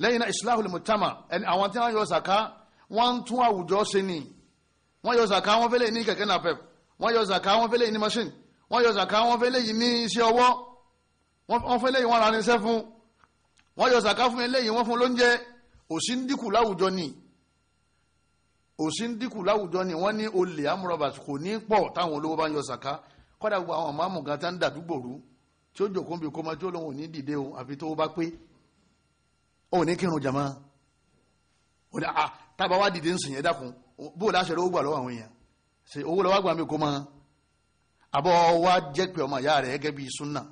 lẹ́yìn náà islahul mujtama ẹni àwọn tí wọ́n yọ zaka wọ́n ń tún àwùjọ ṣe ni wọ́n yọ zaka wọ́n fẹ́lẹ̀ ní kẹ̀kẹ́ napep wọ́n yọ zaka wọ́n fẹ́lẹ̀ ní machine wọ́n yọ zaka wọ́n fẹ́lẹ̀ yìí ní iṣẹ́ ọwọ́ wọ́n fẹ́lẹ̀ yìí wọ́n ra irinṣẹ́ fún wọ́n yọ zaka fún eléyìí wọ́n fún lóúnjẹ òsì ń dínkù láwùjọ ni òsì ń dínkù láwùjọ ni wọ́n ní olè amúrọ̀bà kò ní pọ̀ táwọn olówó bá ń yọ zaka kọ́dà gbogbo àwọn àmọ́ àmùgán tá dàdúgbò rú tí ó jòkó bí kó máa tí ó lóun ò ní dìde o àfi tó bá pé ó ní kírun jàmá ó dá ah, a tábà wá dìde ń sìn yẹn dákun bó o láṣẹ lówó gbà lọ́wọ́ àwọn èèyàn ṣe owó lọ́wọ́ gbà mí kó máa àbọ̀ wá jẹ́ pé ọmọ ìyá rẹ̀ gẹ́gẹ́ bí súnà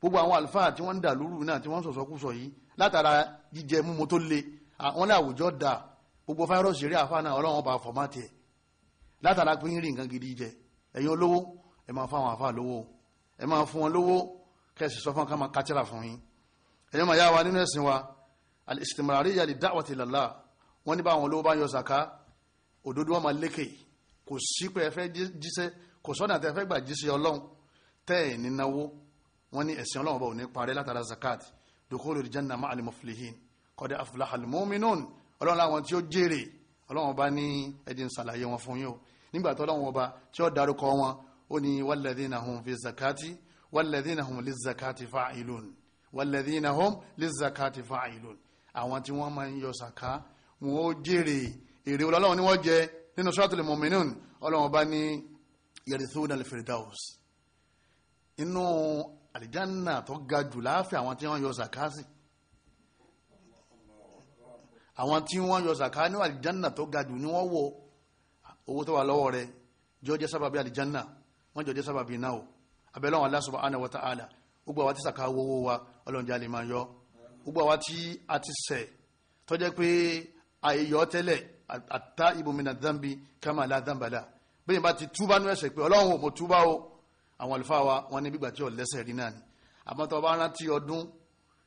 gbogbo àwọn àlùfáà tí wọ́n ń dà lúrù náà tí wọ́n ń sọ̀sọ́kúsọ yìí látara jíjẹ mímu tó le àwọn ah, láwùjọ dà gbogbo fáírọ́ọ̀sì eré àfa náà ọlọ́run ọba fọ̀mátì ẹ̀ látara pé ń rí nǹkan gidi jẹ ẹ̀yin olówó ẹ̀ máa fáwọn àfa lówó o ẹ máa fún wọn lówó kẹsì sọ fún wọn ká máa kátìrà fún yín ẹ̀yọ́ máa yá wa nínú ẹ̀sìn wa al-istimarariya li da'wati ilallah wọ́n ní báwọn olówó bá yọ zaka òdodo wọn máa lékè kò sí pé ẹ fẹ́ jíṣẹ́ kò sọ́nà tẹ fẹ́ gbà jíṣẹ́ ọlọ́run tẹ́ ẹ̀ ní náwó wọ́n ní ẹ̀sìn ọlọ́run bá ò parẹ́ látara zakat dukhulu al-janna ma'al muflihin qad aflaha al ó ní walladhina hum fi zakati walladhina hum lizzakati fa'ilun walladhina hum lizzakati fa'ilun àwọn tí wọ́n máa ń yọ sàká wọn ó jèrè èrè ọlọ́run ni wọ́n jẹ nínú suratul mu'minun ọlọ́run bá ní yarithuna al-firdaus inú àlìjánà tó ga jù láàfin àwọn tí wọ́n yọ sàká sí àwọn tí wọ́n yọ sàká ní àlìjánà tó ga jù ni wọ́n wọ owó tó wà lọ́wọ́ rẹ̀ jọ́jẹ́ sábàbí àlìjánà wọ́n jọ jẹ́ sábàbí náà o abẹ́lẹ́ Allah subhanahu wa ta'ala gbogbo àwa tí sàkà wọ́wọ́ wa ọlọ́njà lè máa yọ gbogbo àwa tí a ti ṣẹ̀ tó jẹ́ pé àyèyọ́ tẹ́lẹ̀ àtà ibùmínà dánbi kama la dánbalà bẹ́ẹ̀ bá ti túbá nú ẹ̀ṣẹ̀ pé ọlọ́run ò mọ̀ túbá o àwọn àlùfáà wa wọn ní gbígbà tí ò lẹ́sẹ̀ rí náà ni àmọ́ tó bá rántí ọdún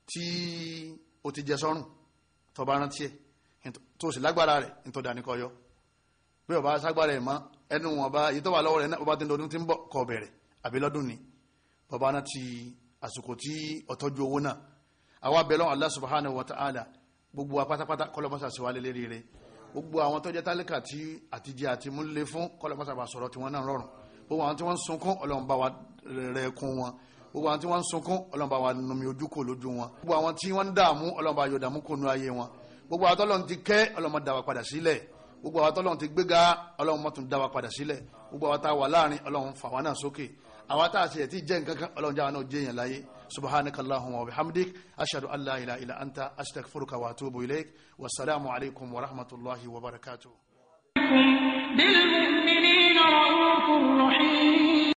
tí o ti jẹ sọ́run tó bá rántí ẹ̀ tó sì lágbára rẹ̀ ní tó bí ọba ságbára ẹ̀ mọ́ ẹnu wọn bá yìí tó wà lọ́wọ́ rẹ̀ náà bàbá tí ń lọ́dún tí ń bọ̀ kọ bẹ̀rẹ̀ àbí lọ́dún ni bàbá náà ti àsìkò tí ọ̀tọ́jú owó náà àwa bẹ̀ lọ́wọ́ Allah subhanahu wa ta'ala gbogbo wa pátápátá kọlọ́mọ́sà sí wa lélẹ́rí rẹ̀ gbogbo àwọn tó jẹ́ tálíkà tí àtijẹ́ àti múlẹ̀ fún kọlọ́mọ́sà bá sọ̀rọ̀ tí wọ́n náà rọrùn gbogbo àwọn tí wọ́n ń sunkún Ọlọ́run bá wa rẹ̀ kún wọn gbogbo àwọn tí wọ́n ń sunkún Ọlọ́run bá wa numi ojú kò lójú wọn gbogbo àwọn tí wọ́n ń dààmú Ọlọ́run bá yọ dààmú kò nu ayé wọn gbogbo àtọ́lọ́run ti kẹ́ Ọlọ́run dá wa padà sílẹ̀ gbogbo àwọn tọ́lọ́run ti gbéga ọlọ́run mọ́tún dá wa padà sílẹ̀ gbogbo àwọn tá a wà láàrin ọlọ́run fà wá náà sókè àwọn tá a ṣe ti jẹ́ nǹkan kan ọlọ́run jáwa náà jẹ́ láyé subhanakallahumma wa bihamdik ashhadu an la ilaha illa anta astaghfiruka wa atubu ilaik wassalamu alaikum wa rahmatullahi wa barakatuh.